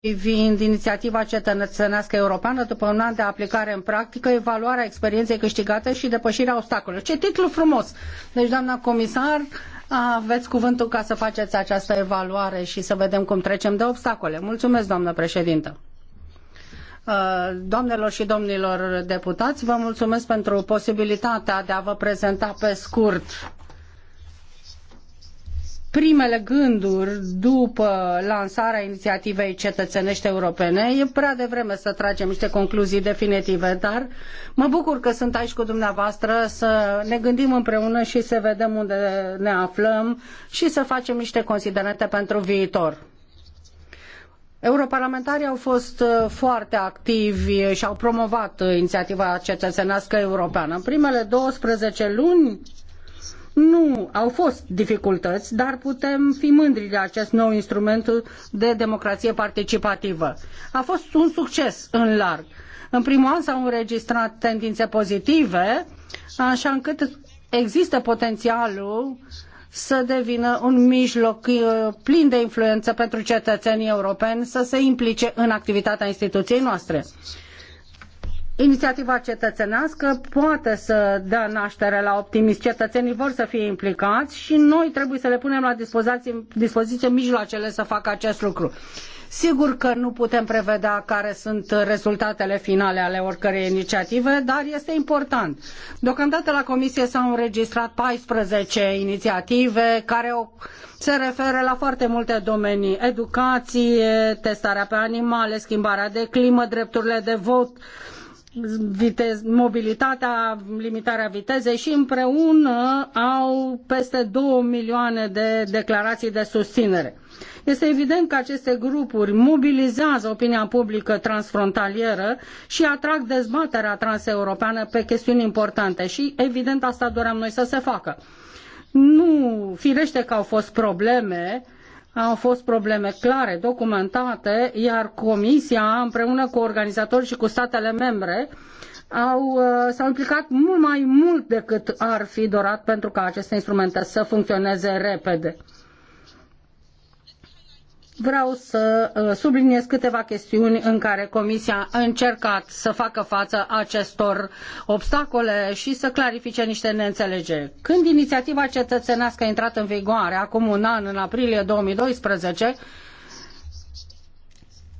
privind inițiativa cetățenească europeană după un an de aplicare în practică, evaluarea experienței câștigate și depășirea obstacolelor. Ce titlu frumos! Deci, doamna comisar, aveți cuvântul ca să faceți această evaluare și să vedem cum trecem de obstacole. Mulțumesc, doamnă președintă! Uh, doamnelor și domnilor deputați, vă mulțumesc pentru posibilitatea de a vă prezenta pe scurt primele gânduri după lansarea inițiativei cetățenești europene. E prea devreme să tragem niște concluzii definitive, dar mă bucur că sunt aici cu dumneavoastră să ne gândim împreună și să vedem unde ne aflăm și să facem niște considerente pentru viitor. Europarlamentarii au fost uh, foarte activi și au promovat inițiativa cetățenească europeană. În primele 12 luni nu, au fost dificultăți, dar putem fi mândri de acest nou instrument de democrație participativă. A fost un succes în larg. În primul an s-au înregistrat tendințe pozitive, așa încât există potențialul să devină un mijloc uh, plin de influență pentru cetățenii europeni să se implice în activitatea instituției noastre. Inițiativa cetățenească poate să dea naștere la optimism. Cetățenii vor să fie implicați și noi trebuie să le punem la dispoziție, dispoziție mijloacele să facă acest lucru. Sigur că nu putem prevedea care sunt rezultatele finale ale oricărei inițiative, dar este important. Deocamdată la Comisie s-au înregistrat 14 inițiative care se referă la foarte multe domenii. Educație, testarea pe animale, schimbarea de climă, drepturile de vot, uh, vitez, mobilitatea, limitarea vitezei și împreună au peste 2 milioane de declarații de susținere. Este evident că aceste grupuri mobilizează opinia publică transfrontalieră și atrag dezbaterea transeuropeană pe chestiuni importante și evident asta doream noi să se facă. Nu, firește că au fost probleme uh, au fost probleme clare, documentate, iar Comisia, împreună cu organizatori și cu statele membre, au, uh, s-au implicat mult mai mult decât ar fi dorat pentru ca aceste instrumente să funcționeze repede vreau să uh, subliniez câteva chestiuni în care Comisia a încercat să facă față acestor obstacole și să clarifice niște neînțelegeri. Când inițiativa cetățenească a intrat în vigoare, acum un an, în aprilie 2012,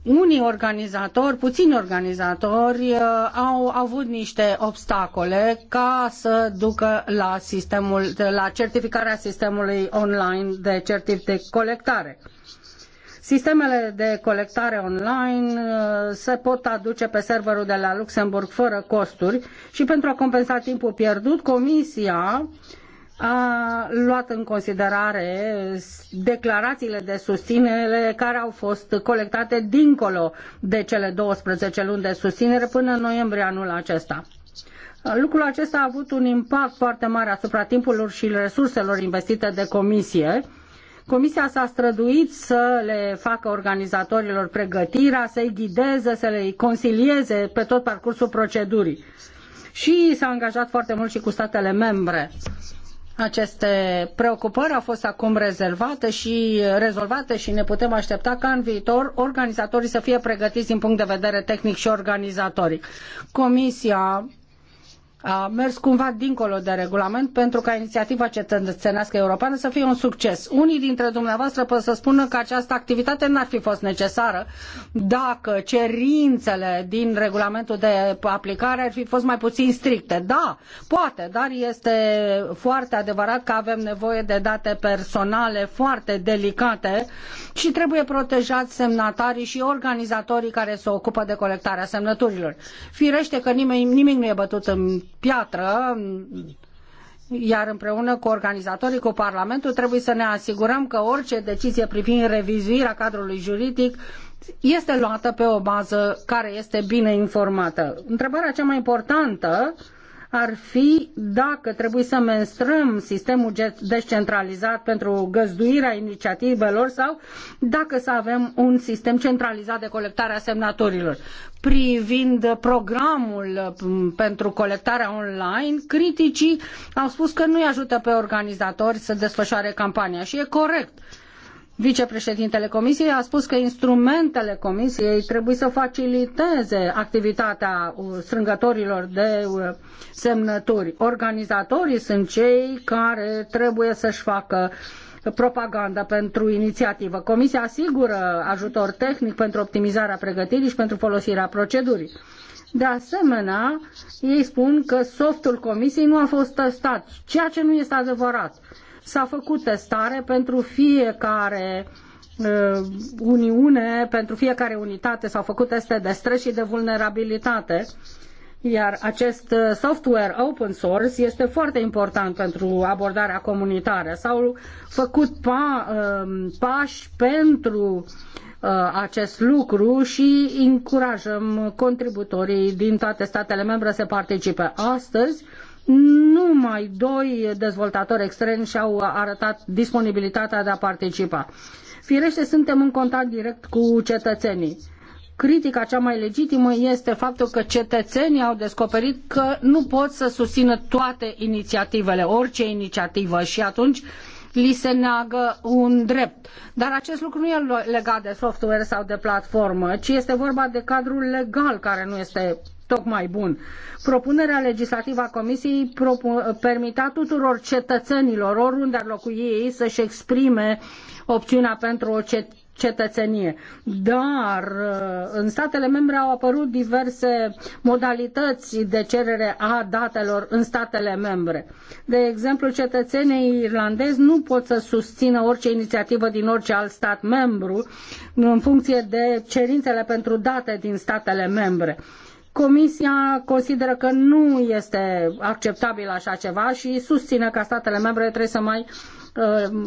unii organizatori, puțini organizatori, uh, au avut niște obstacole ca să ducă la, sistemul, la certificarea sistemului online de certificare de colectare. Sistemele de colectare online uh, se pot aduce pe serverul de la Luxemburg fără costuri și pentru a compensa timpul pierdut, Comisia a luat în considerare declarațiile de susținere care au fost colectate dincolo de cele 12 luni de susținere până în noiembrie anul acesta. Lucrul acesta a avut un impact foarte mare asupra timpului și resurselor investite de comisie, Comisia s-a străduit să le facă organizatorilor pregătirea, să-i ghideze, să le consilieze pe tot parcursul procedurii. Și s-a angajat foarte mult și cu statele membre. Aceste preocupări au fost acum rezervate și rezolvate și ne putem aștepta ca în viitor organizatorii să fie pregătiți din punct de vedere tehnic și organizatoric. Comisia a mers cumva dincolo de regulament pentru ca inițiativa cetățenească europeană să fie un succes. Unii dintre dumneavoastră pot să spună că această activitate n-ar fi fost necesară dacă cerințele din regulamentul de aplicare ar fi fost mai puțin stricte. Da, poate, dar este foarte adevărat că avem nevoie de date personale foarte delicate și trebuie protejați semnatarii și organizatorii care se ocupă de colectarea semnăturilor. Firește că nimeni, nimic nu e bătut în piatră, iar împreună cu organizatorii, cu Parlamentul, trebuie să ne asigurăm că orice decizie privind revizuirea cadrului juridic este luată pe o bază care este bine informată. Întrebarea cea mai importantă uh, ar fi dacă trebuie să menstrăm sistemul descentralizat pentru găzduirea inițiativelor sau dacă să avem un sistem centralizat de colectare a semnăturilor. Privind programul mm, pentru colectarea online, criticii au spus că nu-i ajută pe organizatori să desfășoare campania și e corect Vicepreședintele Comisiei a spus că instrumentele Comisiei trebuie să faciliteze activitatea uh, strângătorilor de uh, semnături. Organizatorii sunt cei care trebuie să-și facă propaganda pentru inițiativă. Comisia asigură ajutor tehnic pentru optimizarea pregătirii și pentru folosirea procedurii. De asemenea, ei spun că softul comisiei nu a fost testat, ceea ce nu este adevărat. S-a făcut testare pentru fiecare uh, uniune, pentru fiecare unitate s-au făcut teste de stres și de vulnerabilitate iar acest uh, software open source este foarte important pentru abordarea comunitară. S-au făcut pa, um, pași pentru uh, acest lucru și încurajăm contributorii din toate statele membre să participe. Astăzi numai doi dezvoltatori extremi și-au arătat disponibilitatea de a participa. Firește, suntem în contact direct cu cetățenii. Critica cea mai legitimă este faptul că cetățenii au descoperit că nu pot să susțină toate inițiativele, orice inițiativă și atunci li se neagă un drept. Dar acest lucru nu e legat de software sau de platformă, ci este vorba de cadrul legal care nu este tocmai bun. Propunerea legislativă a Comisiei permitea tuturor cetățenilor, oriunde ar locui ei, să-și exprime opțiunea pentru o cetățenie. Dar uh, în statele membre au apărut diverse modalități de cerere a datelor în statele membre. De exemplu, cetățenii irlandezi nu pot să susțină orice inițiativă din orice alt stat membru în funcție de cerințele pentru date din statele membre Comisia consideră că nu este acceptabil așa ceva și susține că statele membre trebuie să mai uh,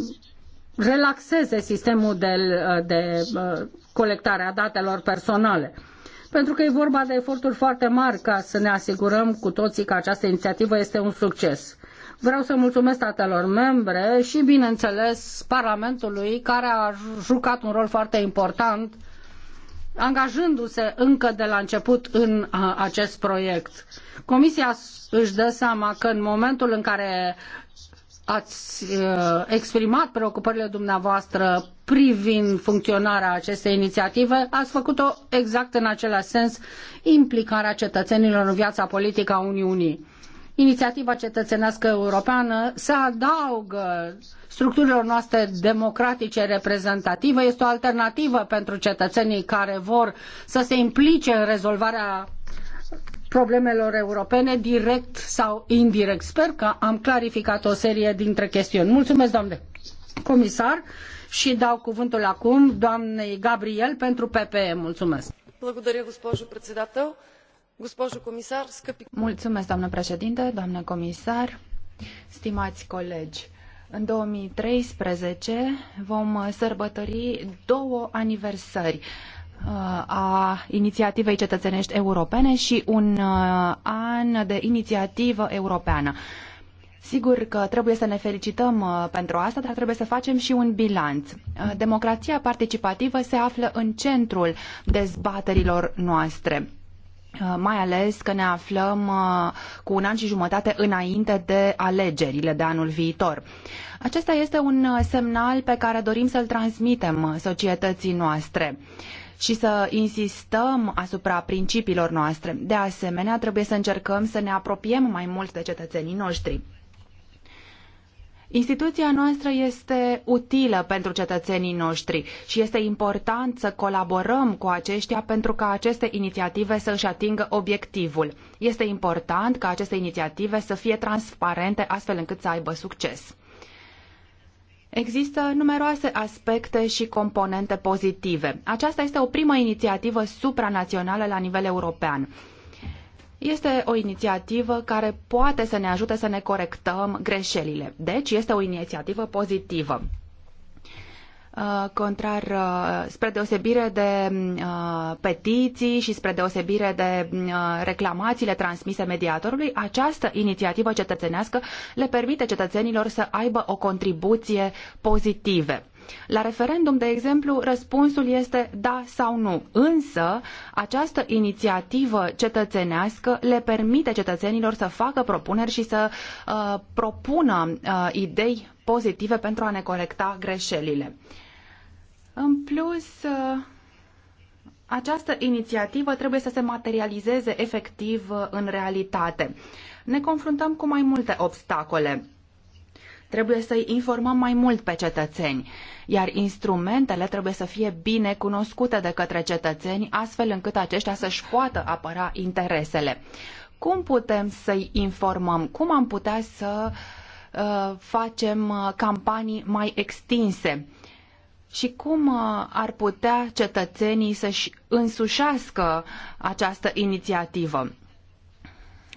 relaxeze sistemul de, uh, de uh, colectare a datelor personale. Pentru că e vorba de eforturi foarte mari ca să ne asigurăm cu toții că această inițiativă este un succes. Vreau să mulțumesc statelor membre și, bineînțeles, Parlamentului, care a jucat un rol foarte important uh, angajându-se încă de la început în acest proiect. Comisia își dă seama că în momentul în care ați exprimat preocupările dumneavoastră privind funcționarea acestei inițiative, ați făcut-o exact în același sens, implicarea cetățenilor în viața politică a Uniunii inițiativa cetățenească europeană se adaugă structurilor noastre democratice reprezentative, este o alternativă pentru cetățenii care vor să se implice în rezolvarea problemelor europene, direct sau indirect. Sper că am clarificat o serie dintre chestiuni. Mulțumesc, doamne comisar, și dau cuvântul acum doamnei Gabriel pentru PPE. Mulțumesc. Благодаря, госпожо председател. Mulțumesc, doamnă președinte, doamnă comisar, stimați colegi. În 2013 vom sărbători două aniversări uh, a inițiativei cetăeneti europene și un uh, an de inițiativă europeană. Sigur că trebuie să ne felicităm uh, pentru asta, dar trebuie să facem și un bilanț. Democrația participativă se află în centrul dezbaterilor noastre Uh, mai ales că ne aflăm uh, cu un an și jumătate înainte de alegerile de anul viitor. Acesta este un uh, semnal pe care dorim să-l transmitem societății noastre și să insistăm asupra principiilor noastre. De asemenea, trebuie să încercăm să ne apropiem mai mult de cetățenii noștri. Instituția noastră este utilă pentru cetățenii noștri și este important să colaborăm cu aceștia pentru ca aceste inițiative să își atingă obiectivul. Este important ca aceste inițiative să fie transparente astfel încât să aibă succes. Există numeroase aspecte și componente pozitive. Aceasta este o primă inițiativă supranațională la nivel european. Este o inițiativă care poate să ne ajute să ne corectăm greșelile. Deci este o inițiativă pozitivă uh, contrar, uh, spre deosebire de uh, petiții și spre deosebire de uh, reclamațiile transmise mediatorului, această inițiativă cetățenească le permite cetățenilor să aibă o contribuție pozitivă. La referendum, de exemplu, răspunsul este da sau nu. Însă, această inițiativă cetățenească le permite cetățenilor să facă propuneri și să uh, propună uh, idei pozitive pentru a ne corecta greșelile. În plus, uh, această inițiativă trebuie să se materializeze efectiv uh, în realitate. Ne confruntăm cu mai multe obstacole. Trebuie să-i informăm mai mult pe cetățeni, iar instrumentele trebuie să fie bine cunoscute de către cetățeni, astfel încât aceștia să-și poată apăra interesele. Cum putem să-i informăm? Cum am putea să uh, facem uh, campanii mai extinse? și cum uh, ar putea cetățenii să-și însușească această inițiativă.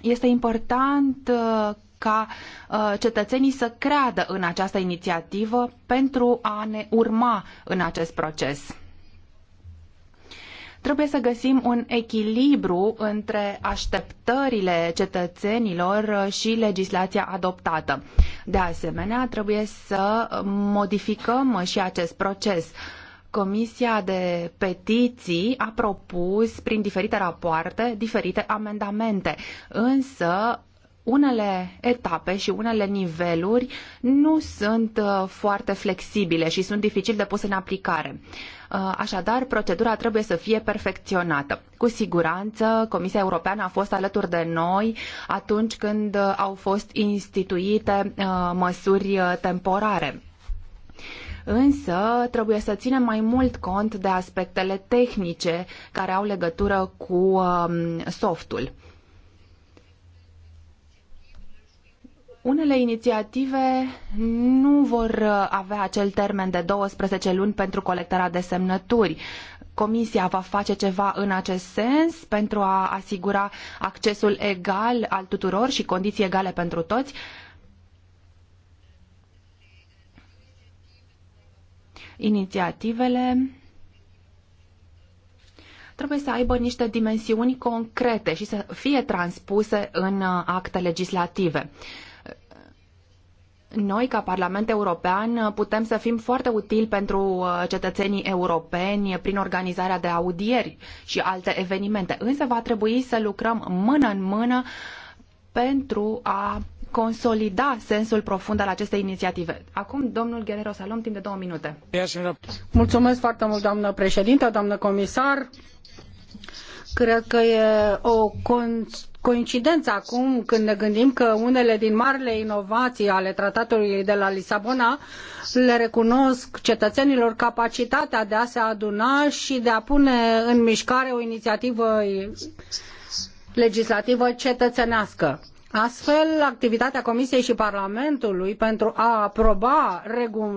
Este important uh, ca uh, cetățenii să creadă în această inițiativă pentru a ne urma în acest proces. Trebuie să găsim un echilibru între așteptările cetățenilor uh, și legislația adoptată. De asemenea, trebuie să modificăm și acest proces. Comisia de Petiții a propus prin diferite rapoarte diferite amendamente, însă unele etape și unele niveluri nu sunt uh, foarte flexibile și sunt dificil de pus în aplicare. Uh, așadar, procedura trebuie să fie perfecționată. Cu siguranță, Comisia Europeană a fost alături de noi atunci când uh, au fost instituite măsuri temporare însă trebuie să ținem mai mult cont de aspectele tehnice care au legătură cu um, softul. Unele inițiative nu vor uh, avea acel termen de 12 luni pentru colectarea de semnături. Comisia va face ceva în acest sens pentru a asigura accesul egal al tuturor și condiții egale pentru toți. Inițiativele trebuie să aibă niște dimensiuni concrete și să fie transpuse în uh, acte legislative noi, ca Parlament European, uh, putem să fim foarte utili pentru uh, cetățenii europeni prin organizarea de audieri și alte evenimente. Însă va trebui să lucrăm mână în mână pentru a consolida sensul profund al acestei inițiative. Acum, domnul Guerrero Salom, timp de două minute. Mulțumesc foarte mult, doamnă președintă, doamnă comisar. Cred că e o coincidență acum când ne gândim că unele din marile inovații ale tratatului de la Lisabona le recunosc cetățenilor capacitatea de a se aduna și de a pune în mișcare o inițiativă legislativă cetățenească. Astfel, activitatea Comisiei și Parlamentului pentru a aproba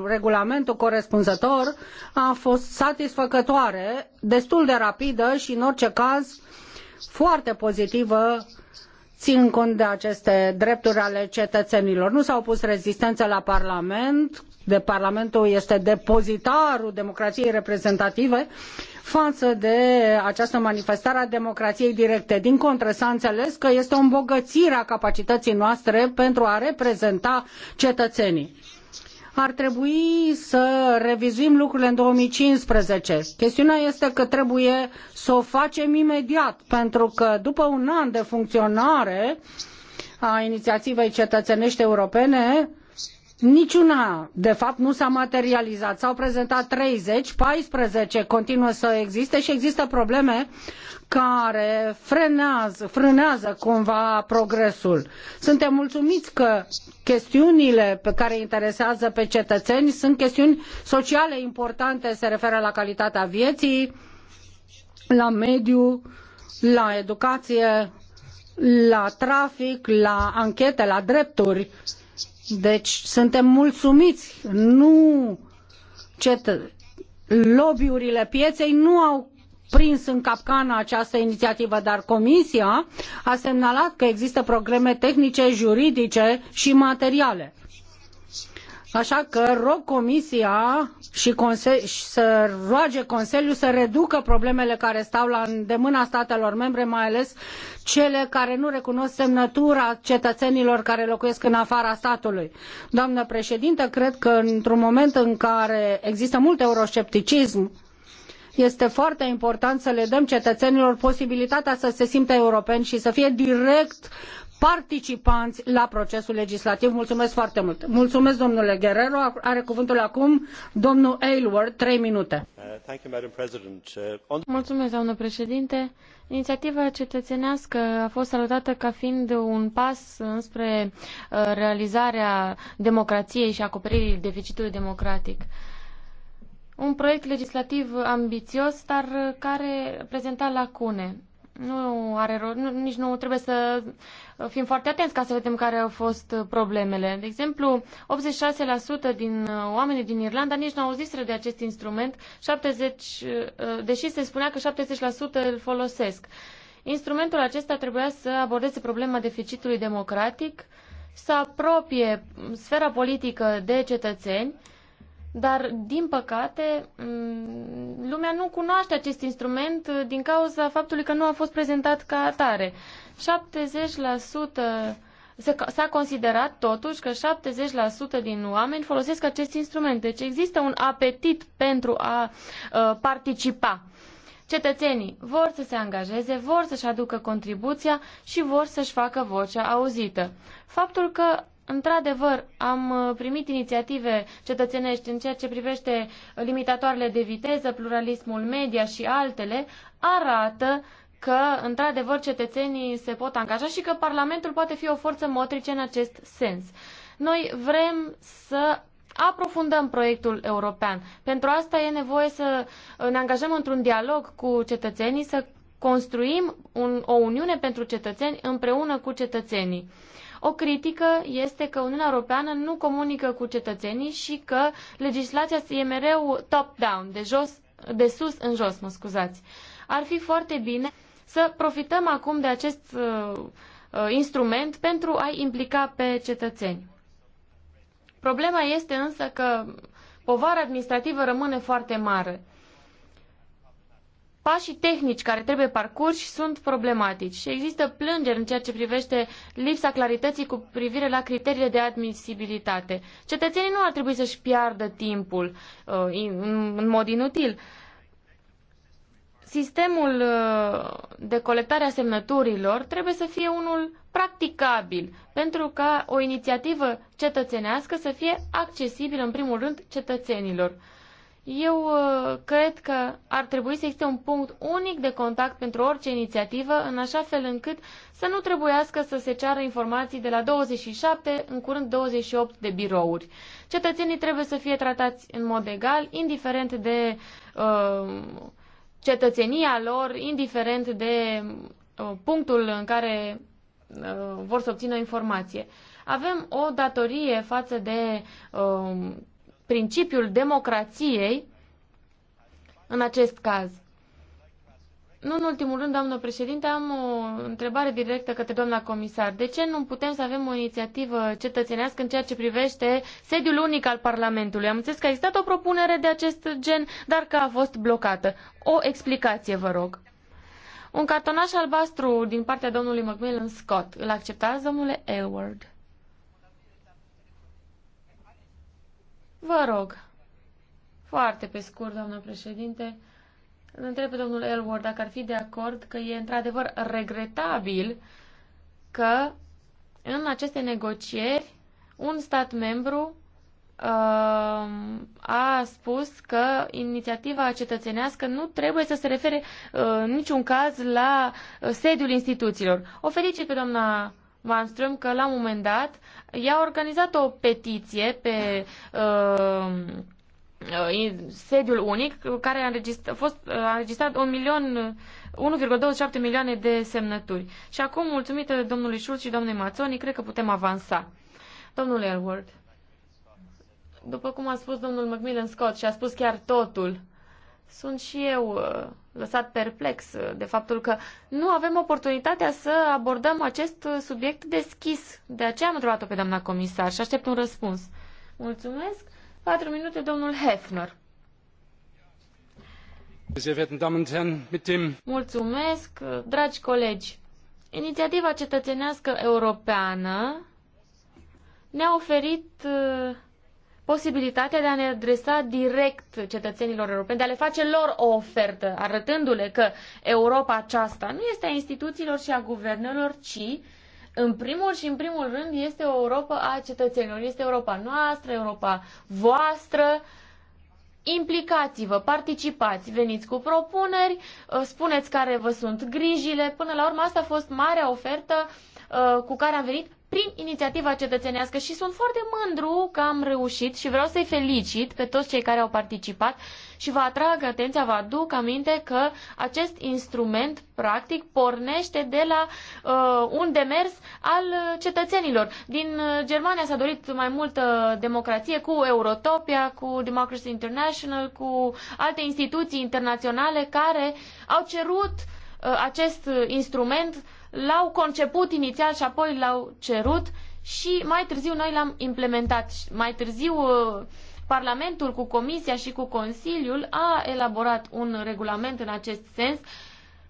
regulamentul corespunzător a fost satisfăcătoare, destul de rapidă și, în orice caz, foarte pozitivă țin cont de aceste drepturi ale cetățenilor. Nu s-a opus rezistență la Parlament, de Parlamentul este depozitarul democrației reprezentative față de această manifestare a democrației directe. Din contră, s-a înțeles că este o îmbogățire a capacității noastre pentru a reprezenta cetățenii ar trebui să revizuim lucrurile în 2015. Chestiunea este că trebuie să o facem imediat, pentru că după un an de funcționare a inițiativei cetățenești europene, Niciuna, de fapt, nu s-a materializat. S-au prezentat 30, 14 continuă să existe și există probleme care frenează, frânează cumva progresul. Suntem mulțumiți că chestiunile pe care interesează pe cetățeni sunt chestiuni sociale importante, se referă la calitatea vieții, la mediu, la educație, la trafic, la anchete, la drepturi deci suntem mulțumiți. Nu cetă... lobbyurile pieței nu au prins în capcana această inițiativă, dar Comisia a semnalat că există probleme tehnice, juridice și materiale. Așa că rog Comisia și, să roage Consiliul să reducă problemele care stau la îndemâna statelor membre, mai ales cele care nu recunosc semnătura cetățenilor care locuiesc în afara statului. Doamnă președintă, cred că într-un moment în care există mult euroscepticism, este foarte important să le dăm cetățenilor posibilitatea să se simtă europeni și să fie direct participanți la procesul legislativ. Mulțumesc foarte mult. Mulțumesc, domnule Guerrero. Are cuvântul acum domnul Aylward, Trei minute. Uh, uh, Mulțumesc, doamnă președinte. Inițiativa cetățenească a fost salutată ca fiind un pas înspre uh, realizarea democrației și acoperirii deficitului democratic. Un proiect legislativ ambițios, dar care prezenta lacune nu are nu, nici nu trebuie să fim foarte atenți ca să vedem care au fost problemele. De exemplu, 86% din uh, oamenii din Irlanda nici nu au zis de acest instrument, 70, uh, deși se spunea că 70% îl folosesc. Instrumentul acesta trebuia să abordeze problema deficitului democratic, să apropie sfera politică de cetățeni, dar, din păcate, mm, lumea nu cunoaște acest instrument din cauza faptului că nu a fost prezentat ca atare. 70% S-a considerat totuși că 70% din oameni folosesc acest instrument. Deci există un apetit pentru a uh, participa. Cetățenii vor să se angajeze, vor să-și aducă contribuția și vor să-și facă vocea auzită. Faptul că Într-adevăr, am uh, primit inițiative cetățenești în ceea ce privește uh, limitatoarele de viteză, pluralismul media și altele, arată că, într-adevăr, cetățenii se pot angaja și că Parlamentul poate fi o forță motrice în acest sens. Noi vrem să aprofundăm proiectul european. Pentru asta e nevoie să uh, ne angajăm într-un dialog cu cetățenii, să construim un, o uniune pentru cetățeni împreună cu cetățenii. O critică este că Uniunea Europeană nu comunică cu cetățenii și că legislația e mereu top-down, de, jos, de sus în jos, mă scuzați. Ar fi foarte bine să profităm acum de acest uh, uh instrument pentru a-i implica pe cetățeni. Problema este însă că povara administrativă rămâne foarte mare pașii tehnici care trebuie parcurși sunt problematici și există plângeri în ceea ce privește lipsa clarității cu privire la criteriile de admisibilitate. Cetățenii nu ar trebui să-și piardă timpul uh, în mod inutil. Sistemul uh, de colectare a semnăturilor trebuie să fie unul practicabil pentru ca o inițiativă cetățenească să fie accesibilă în primul rând cetățenilor. Eu uh, cred că ar trebui să existe un punct unic de contact pentru orice inițiativă, în așa fel încât să nu trebuiască să se ceară informații de la 27, în curând 28 de birouri. Cetățenii trebuie să fie tratați în mod egal, indiferent de uh, cetățenia lor, indiferent de uh, punctul în care uh, vor să obțină informație. Avem o datorie față de uh, principiul democrației în acest caz. Nu în ultimul rând, doamnă președinte, am o întrebare directă către doamna comisar. De ce nu putem să avem o inițiativă cetățenească în ceea ce privește sediul unic al Parlamentului? Am înțeles că a existat o propunere de acest gen, dar că a fost blocată. O explicație, vă rog. Un cartonaș albastru din partea domnului Macmillan Scott. Îl acceptați, domnule Elward? Vă rog, foarte pe scurt, doamnă președinte, îl întreb pe domnul Elward dacă ar fi de acord că e într-adevăr regretabil că în aceste negocieri un stat membru uh, a spus că inițiativa cetățenească nu trebuie să se refere uh, în niciun caz la uh, sediul instituțiilor. O felicit pe doamna Malmström că la un moment dat i-a organizat o petiție pe uh, uh sediul unic care a, înregistr- a fost, uh, a înregistrat 1 milion 1,27 milioane de semnături. Și acum, mulțumită domnului Schulz și doamnei Mazzoni, cred că putem avansa. Domnule Elward, după cum a spus domnul Macmillan Scott și a spus chiar totul, sunt și eu uh, lăsat perplex uh, de faptul că nu avem oportunitatea să abordăm acest uh, subiect deschis. De aceea am întrebat-o pe doamna comisar și aștept un răspuns. Mulțumesc. Patru minute, domnul Hefner. Mulțumesc, dragi colegi. Inițiativa cetățenească europeană ne-a oferit posibilitatea de a ne adresa direct cetățenilor europeni, de a le face lor o ofertă, arătându-le că Europa aceasta nu este a instituțiilor și a guvernelor, ci în primul și în primul rând este o Europa a cetățenilor, este Europa noastră, Europa voastră. Implicați-vă, participați, veniți cu propuneri, uh, spuneți care vă sunt grijile. Până la urmă, asta a fost marea ofertă uh, cu care am venit prin inițiativa cetățenească și sunt foarte mândru că am reușit și vreau să-i felicit pe toți cei care au participat și vă atrag atenția, vă aduc aminte că acest instrument practic pornește de la uh, un demers al cetățenilor. Din uh, Germania s-a dorit mai multă democrație cu Eurotopia, cu Democracy International, cu alte instituții internaționale care au cerut uh, acest instrument uh, l-au conceput inițial și apoi l-au cerut și mai târziu noi l-am implementat. Mai târziu uh, Parlamentul cu Comisia și cu Consiliul a elaborat un regulament în acest sens.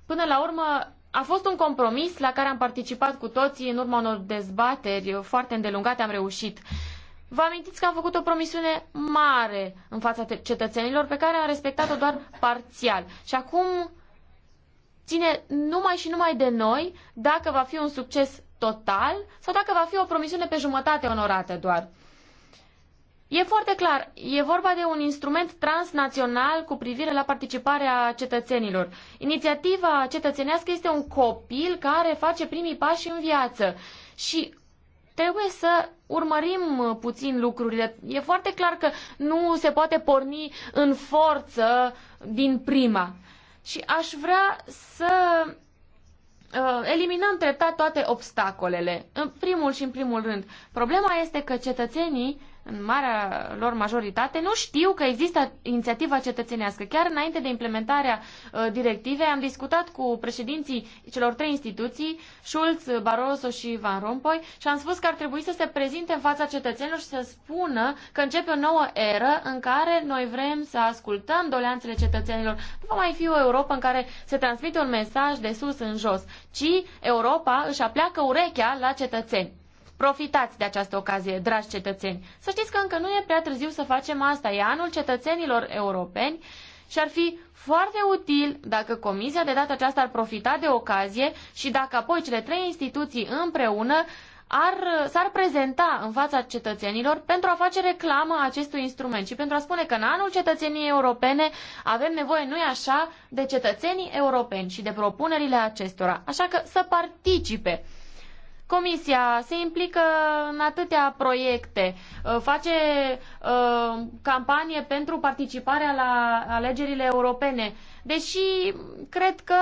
Până la urmă, a fost un compromis la care am participat cu toții în urma unor dezbateri foarte îndelungate, am reușit. Vă amintiți că am făcut o promisiune mare în fața cetățenilor pe care am respectat-o doar parțial. Și acum ține numai și numai de noi dacă va fi un succes total sau dacă va fi o promisiune pe jumătate onorată doar. E foarte clar, e vorba de un instrument transnațional cu privire la participarea cetățenilor. Inițiativa cetățenească este un copil care face primii pași în viață și trebuie să urmărim puțin lucrurile. E foarte clar că nu se poate porni în forță din prima și aș vrea să uh, eliminăm treptat toate obstacolele. În primul și în primul rând, problema este că cetățenii în marea lor majoritate, nu știu că există inițiativa cetățenească. Chiar înainte de implementarea uh, directivei am discutat cu președinții celor trei instituții, Schulz, Barroso și Van Rompuy, și am spus că ar trebui să se prezinte în fața cetățenilor și să spună că începe o nouă eră în care noi vrem să ascultăm doleanțele cetățenilor. Nu va mai fi o Europa în care se transmite un mesaj de sus în jos, ci Europa își apleacă urechea la cetățeni. Profitați de această ocazie, dragi cetățeni. Să știți că încă nu e prea târziu să facem asta. E anul cetățenilor europeni și ar fi foarte util dacă Comisia de data aceasta ar profita de ocazie și dacă apoi cele trei instituții împreună ar, s-ar prezenta în fața cetățenilor pentru a face reclamă acestui instrument și pentru a spune că în anul cetățenii europene avem nevoie, nu-i așa, de cetățenii europeni și de propunerile acestora. Așa că să participe Comisia se implică în atâtea proiecte, uh, face uh, campanie pentru participarea la alegerile europene, deși cred că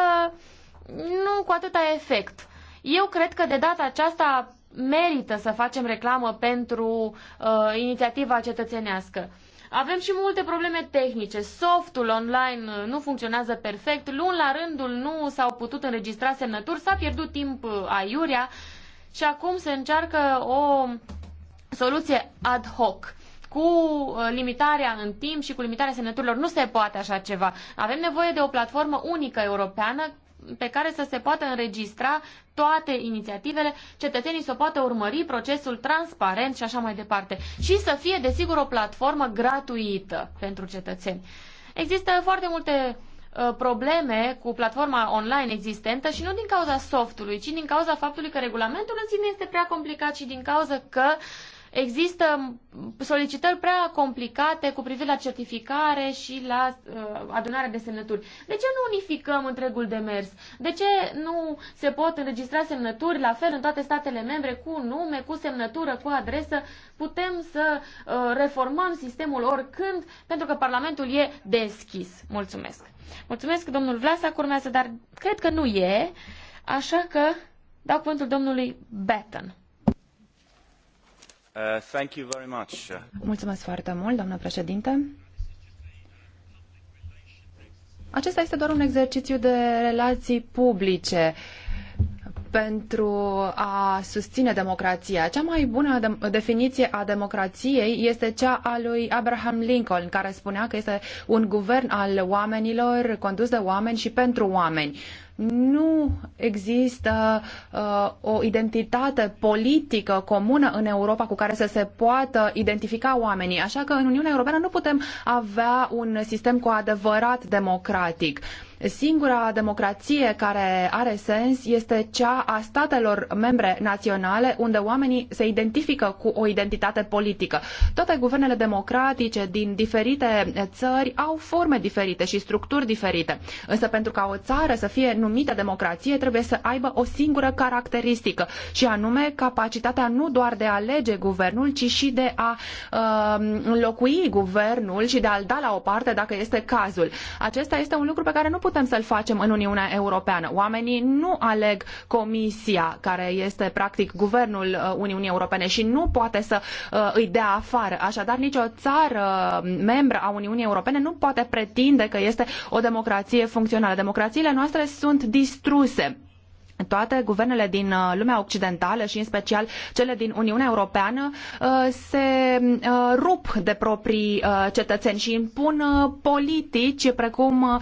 nu cu atâta efect. Eu cred că de data aceasta merită să facem reclamă pentru uh, inițiativa cetățenească. Avem și multe probleme tehnice. Softul online nu funcționează perfect, luni la rândul nu s-au putut înregistra semnături, s-a pierdut timp aiurea. Uh, și acum se încearcă o soluție ad hoc cu uh, limitarea în timp și cu limitarea semnăturilor. Nu se poate așa ceva. Avem nevoie de o platformă unică europeană pe care să se poată înregistra toate inițiativele, cetățenii să poată urmări procesul transparent și așa mai departe. Și să fie, desigur, o platformă gratuită pentru cetățeni. Există foarte multe Uh, probleme cu platforma online existentă și nu din cauza softului, ci din cauza faptului că regulamentul în sine este prea complicat și din cauza că există solicitări prea complicate cu privire la certificare și la uh, adunarea de semnături. De ce nu unificăm întregul demers? De ce nu se pot înregistra semnături la fel în toate statele membre cu nume, cu semnătură, cu adresă? Putem să uh, reformăm sistemul oricând pentru că Parlamentul e deschis. Mulțumesc! Mulțumesc, domnul Vlasac urmează, dar cred că nu e, așa că dau cuvântul domnului Batten. Uh, thank you very much. Mulțumesc foarte mult, doamnă președinte. Acesta este doar un exercițiu de relații publice. Uh, pentru a susține democrația. Cea mai bună de- definiție a democrației este cea a lui Abraham Lincoln, care spunea că este un guvern al oamenilor, condus de oameni și pentru oameni nu există uh, o identitate politică comună în Europa cu care să se poată identifica oamenii. Așa că în Uniunea Europeană nu putem avea un sistem cu adevărat democratic. Uh, Singura democrație care are sens este cea a statelor membre naționale, unde oamenii se identifică cu o identitate politică. Toate guvernele democratice din diferite țări au forme diferite și structuri diferite. Însă pentru ca o țară să fie numită democrație, trebuie să aibă o singură caracteristică, și anume capacitatea nu doar de a alege guvernul, ci și de a uh, înlocui guvernul și de a-l da la o parte dacă este cazul. Acesta este un lucru pe care nu putem să-l facem în Uniunea Europeană. Oamenii nu aleg comisia, care este practic guvernul uh, Uniunii Europene și nu poate să uh, îi dea afară. Așadar, nicio țară uh, membră a Uniunii Europene nu poate pretinde că este o democrație funcțională. Democrațiile noastre sunt distruse toate guvernele din uh, lumea occidentală și în special cele din Uniunea Europeană uh, se uh, rup de proprii cetățeni și impun politici precum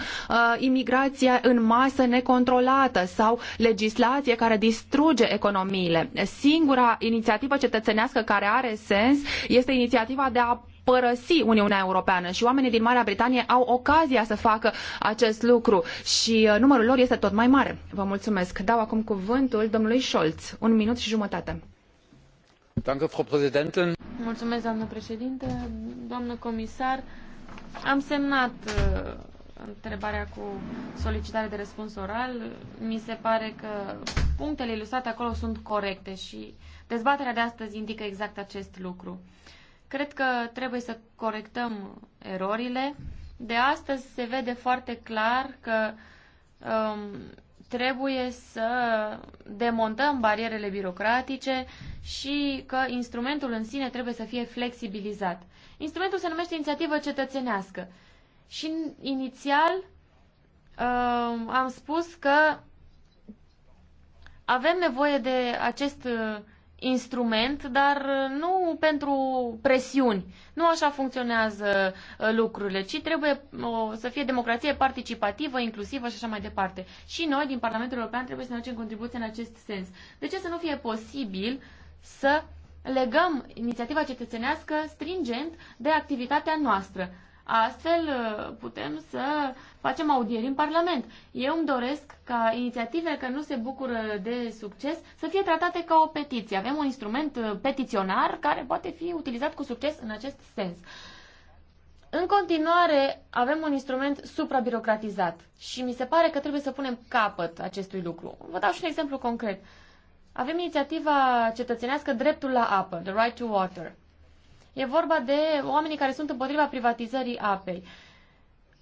imigrația în masă necontrolată sau legislație care distruge economiile. Singura inițiativă cetățenească care are sens este inițiativa de a părăsi Uniunea Europeană și oamenii din Marea Britanie au ocazia să facă acest lucru și uh, numărul lor este tot mai mare. Vă mulțumesc. Dau acum cuvântul domnului Scholz. Un minut și jumătate. Mulțumesc, doamnă președinte, doamnă comisar. Am semnat uh, întrebarea cu solicitare de răspuns oral. Mi se pare că punctele ilustrate acolo sunt corecte și dezbaterea de astăzi indică exact acest lucru. Cred că trebuie să corectăm erorile. De astăzi se vede foarte clar că um, trebuie să demontăm barierele birocratice și că instrumentul în sine trebuie să fie flexibilizat. Instrumentul se numește inițiativă cetățenească și inițial um, am spus că avem nevoie de acest instrument, dar uh, nu pentru presiuni. Nu așa funcționează uh, lucrurile, ci trebuie uh, să fie democrație participativă, inclusivă și așa mai departe. Și noi, din Parlamentul European, trebuie să ne aducem contribuție în acest sens. De ce să nu fie posibil să legăm inițiativa cetățenească stringent de activitatea noastră? Astfel uh, putem să facem audieri în Parlament. Eu îmi doresc ca inițiative care nu se bucură de succes să fie tratate ca o petiție. Avem un instrument uh, petiționar care poate fi utilizat cu succes în acest sens. În continuare, avem un instrument suprabirocratizat și mi se pare că trebuie să punem capăt acestui lucru. Vă dau și un exemplu concret. Avem inițiativa cetățenească Dreptul la apă, The Right to Water. E vorba de oamenii care sunt împotriva privatizării apei.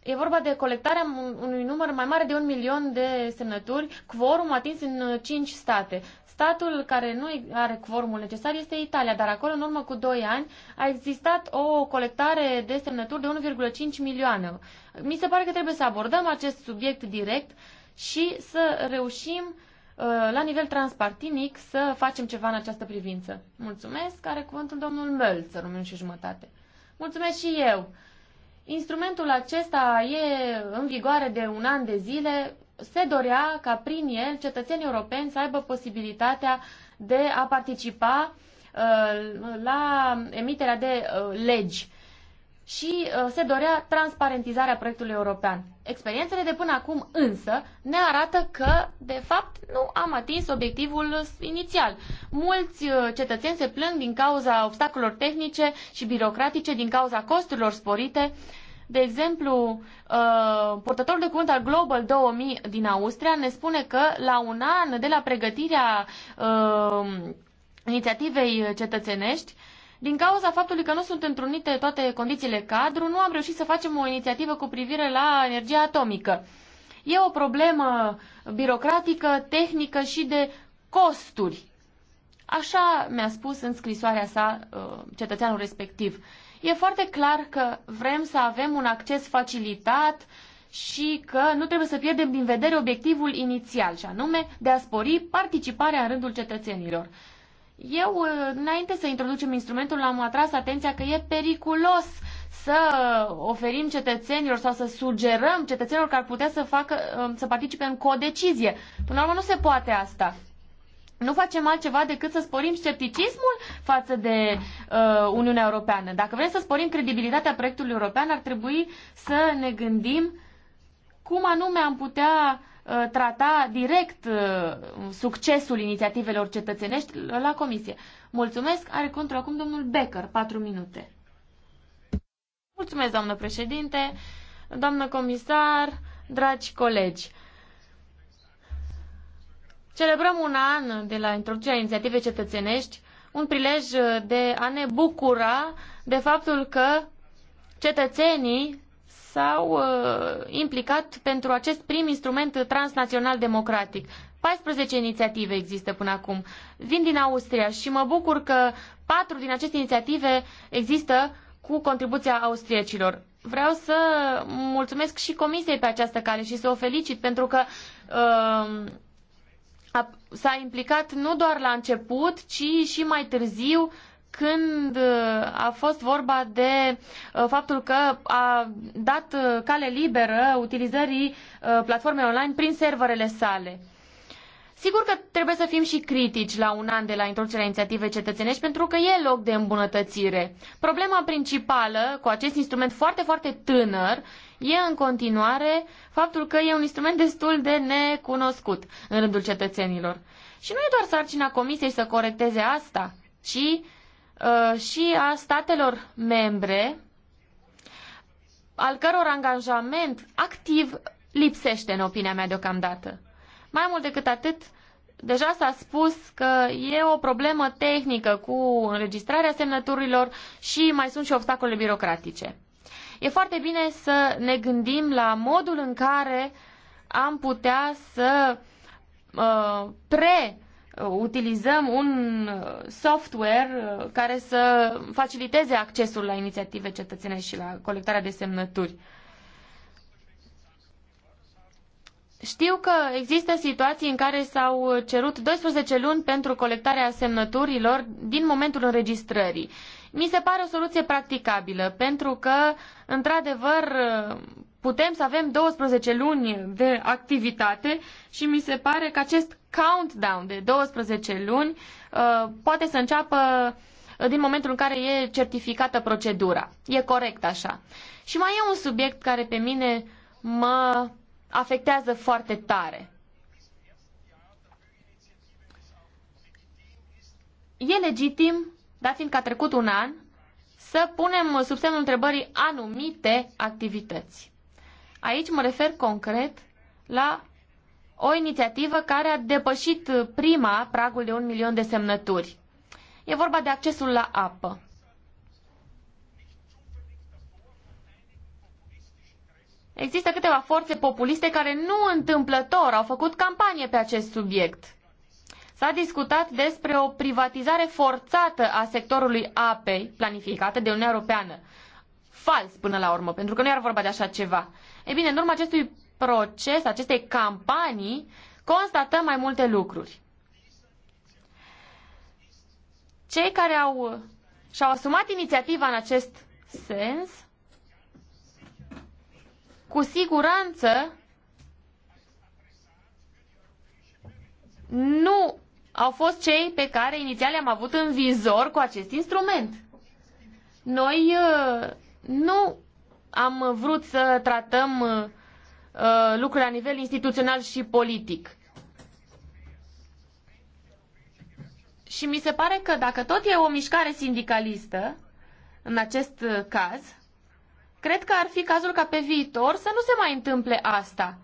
E vorba de colectarea unui număr mai mare de un milion de semnături, quorum atins în cinci state. Statul care nu are quorumul necesar este Italia, dar acolo, în urmă cu doi ani, a existat o colectare de semnături de 1,5 milioane. Mi se pare că trebuie să abordăm acest subiect direct și să reușim uh, Uh, la nivel transpartinic să facem ceva în această privință. Mulțumesc, are cuvântul domnul Mölzer, un și jumătate. Mulțumesc și eu. Instrumentul acesta e în vigoare de un an de zile. Se dorea ca prin el cetățenii europeni să aibă posibilitatea de a participa uh, la emiterea de uh, legi și uh, se dorea transparentizarea proiectului european. Experiențele de până acum însă ne arată că, de fapt, nu am atins obiectivul inițial. Mulți uh, cetățeni se plâng din cauza obstacolelor tehnice și birocratice, din cauza costurilor sporite. De exemplu, uh, portătorul de cuvânt al Global 2000 din Austria ne spune că la un an de la pregătirea inițiativei cetățenești, din cauza faptului că nu sunt întrunite toate condițiile cadru, nu am reușit să facem o inițiativă cu privire la energia atomică. E o problemă birocratică, tehnică și de costuri. Așa mi-a spus în scrisoarea sa uh, cetățeanul respectiv. E foarte clar că vrem să avem un acces facilitat și că nu trebuie să pierdem din vedere obiectivul inițial, și anume de a spori participarea în rândul cetățenilor. Eu, uh, înainte să introducem instrumentul, am atras atenția că e periculos să oferim cetățenilor sau să sugerăm cetățenilor că ar putea să, facă, uh, să participe în codecizie. Până la urmă nu se poate asta. Nu facem altceva decât să sporim scepticismul față de uh, Uniunea Europeană. Dacă vrem să sporim credibilitatea proiectului european, ar trebui să ne gândim cum anume am putea uh, Uh, trata direct uh, succesul inițiativelor cetățenești la comisie. Mulțumesc. Are contul acum domnul Becker, patru minute. Mulțumesc, doamnă președinte, doamnă comisar, dragi colegi. Celebrăm un an de la introducerea inițiativei cetățenești, un prilej de a ne bucura de faptul că cetățenii s-au uh, implicat pentru acest prim instrument transnațional democratic. 14 inițiative există până acum. Vin din Austria și mă bucur că patru din aceste inițiative există cu contribuția austriecilor. Vreau să mulțumesc și comisiei pe această cale și să o felicit pentru că uh, s-a implicat nu doar la început, ci și mai târziu când uh, a fost vorba de uh, faptul că a dat uh, cale liberă utilizării platformei online prin serverele sale. Sigur că trebuie să fim și critici la un an de la introducerea inițiativei cetățenești pentru că e loc de îmbunătățire. Problema principală cu acest instrument foarte, foarte tânăr e în continuare faptul că e un instrument destul de necunoscut în rândul cetățenilor. Și nu e doar sarcina comisiei să corecteze asta, ci Uh, și a statelor membre al căror angajament activ lipsește, în opinia mea, deocamdată. Mai mult decât atât, deja s-a spus că e o problemă tehnică cu înregistrarea semnăturilor și mai sunt și obstacole birocratice. E foarte bine să ne gândim la modul în care am putea să uh, pre utilizăm un software uh, care să faciliteze accesul la inițiative cetățene și la colectarea de semnături. Știu că există situații în care s-au cerut 12 luni pentru colectarea semnăturilor din momentul înregistrării. Mi se pare o soluție practicabilă, pentru că, într-adevăr, putem să avem 12 luni de activitate și mi se pare că acest countdown de 12 luni uh, poate să înceapă uh, din momentul în care e certificată procedura. E corect așa. Și mai e un subiect care pe mine mă afectează foarte tare. E legitim, dat fiindcă a trecut un an, să punem sub semnul întrebării anumite activități. Aici mă refer concret la o inițiativă care a depășit prima pragul de un milion de semnături. E vorba de accesul la apă. Există câteva forțe populiste care nu întâmplător au făcut campanie pe acest subiect. S-a discutat despre o privatizare forțată a sectorului apei planificată de Uniunea Europeană. Fals până la urmă, pentru că nu era vorba de așa ceva. Ei bine, în urma acestui proces, acestei campanii, constatăm mai multe lucruri. Cei care au, și-au asumat inițiativa în acest sens, cu siguranță nu au fost cei pe care inițial am avut în vizor cu acest instrument. Noi uh, nu am vrut să tratăm uh, lucrurile la nivel instituțional și politic. Și mi se pare că dacă tot e o mișcare sindicalistă, în acest uh, caz, cred că ar fi cazul ca pe viitor să nu se mai întâmple asta.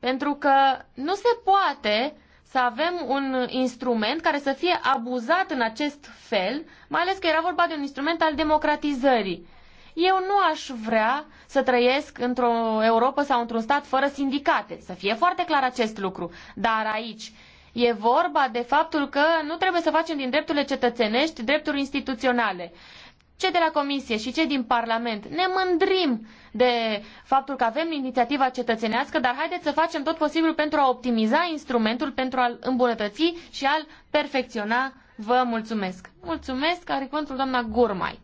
Pentru că nu se poate să avem un instrument care să fie abuzat în acest fel, mai ales că era vorba de un instrument al democratizării. Eu nu aș vrea să trăiesc într-o Europa sau într-un stat fără sindicate. Să fie foarte clar acest lucru. Dar aici e vorba de faptul că nu trebuie să facem din drepturile cetățenești drepturi instituționale cei de la Comisie și cei din Parlament, ne mândrim de faptul că avem inițiativa cetățenească, dar haideți să facem tot posibilul pentru a optimiza instrumentul, pentru a-l îmbunătăți și a-l perfecționa. Vă mulțumesc! Mulțumesc! Are cuvântul doamna Gurmai.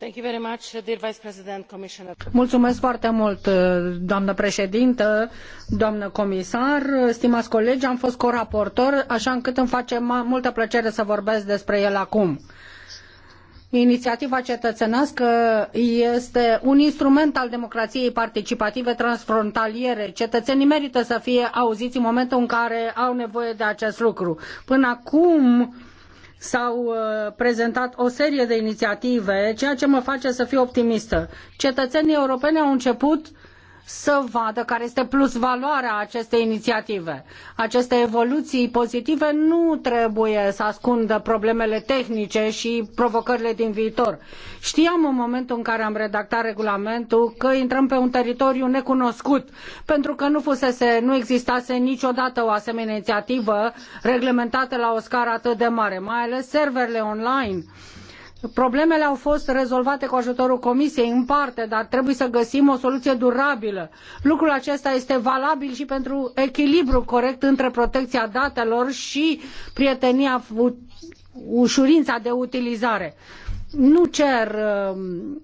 Uh, Mulțumesc foarte mult, uh, doamnă președintă, doamnă comisar, stimați colegi, am fost coraportor, așa încât îmi face multă plăcere să vorbesc despre el acum. Inițiativa cetățenească este un instrument al democrației participative transfrontaliere. Cetățenii merită să fie auziți în momentul în care au nevoie de acest lucru. Până acum, s-au uh, prezentat o serie de inițiative, ceea ce mă face să fiu optimistă. Cetățenii europeni au început să vadă care este plus valoarea acestei inițiative. Aceste evoluții pozitive nu trebuie să ascundă problemele tehnice și provocările din viitor. Știam în momentul în care am redactat regulamentul că intrăm pe un teritoriu necunoscut, pentru că nu fusese, nu existase niciodată o asemenea inițiativă reglementată la o scară atât de mare, mai ales serverele online. Problemele au fost rezolvate cu ajutorul Comisiei în parte, dar trebuie să găsim o soluție durabilă. Lucrul acesta este valabil și pentru echilibru corect între protecția datelor și prietenia, ușurința de utilizare. Nu cer um,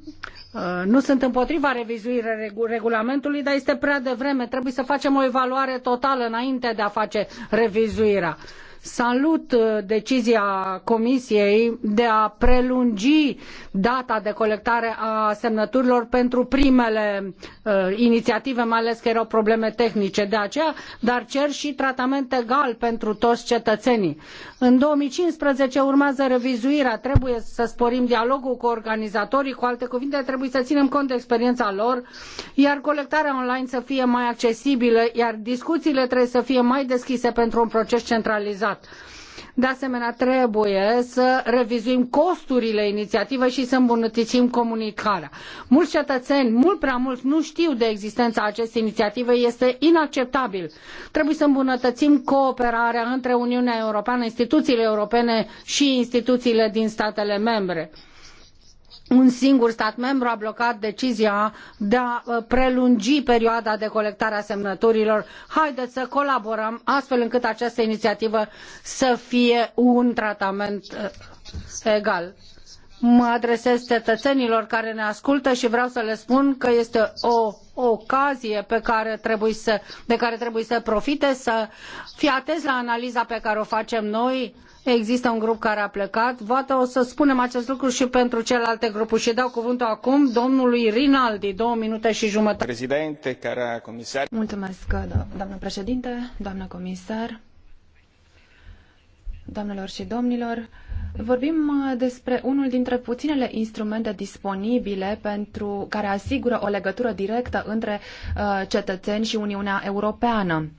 uh, nu sunt împotriva revizuirii regulamentului, dar este prea devreme. Trebuie să facem o evaluare totală înainte de a face revizuirea. Salut uh, decizia Comisiei de a prelungi data de colectare a semnăturilor pentru primele uh, inițiative, mai ales că erau probleme tehnice de aceea, dar cer și tratament egal pentru toți cetățenii. În 2015 urmează revizuirea, trebuie să sporim dialogul cu organizatorii, cu alte cuvinte, trebuie să ținem cont de experiența lor, iar colectarea online să fie mai accesibilă, iar discuțiile trebuie să fie mai deschise pentru un proces centralizat stat. De asemenea, trebuie să revizuim costurile inițiativei și să îmbunătățim comunicarea. Mulți cetățeni, mult prea mulți, nu știu de existența acestei inițiative, este inacceptabil. Trebuie să îmbunătățim cooperarea între Uniunea Europeană, instituțiile europene și instituțiile din statele membre un singur stat membru a blocat decizia de a uh, prelungi perioada de colectare a semnăturilor. Haideți să colaborăm astfel încât această inițiativă să fie un tratament uh, egal. Mă adresez cetățenilor care ne ascultă și vreau să le spun că este o ocazie pe care trebuie să, de care trebuie să profite, să fie atenți la analiza pe care o facem noi, uh, Există un grup care a plecat. Poate o să spunem acest lucru și pentru celelalte grupuri. Și dau cuvântul acum domnului Rinaldi, două minute și jumătate. Președinte, cara comisar. Mulțumesc, doamnă președinte, doamnă comisar, doamnelor și domnilor. Vorbim uh, despre unul dintre puținele instrumente disponibile pentru care asigură o legătură directă între uh, cetățeni și Uniunea Europeană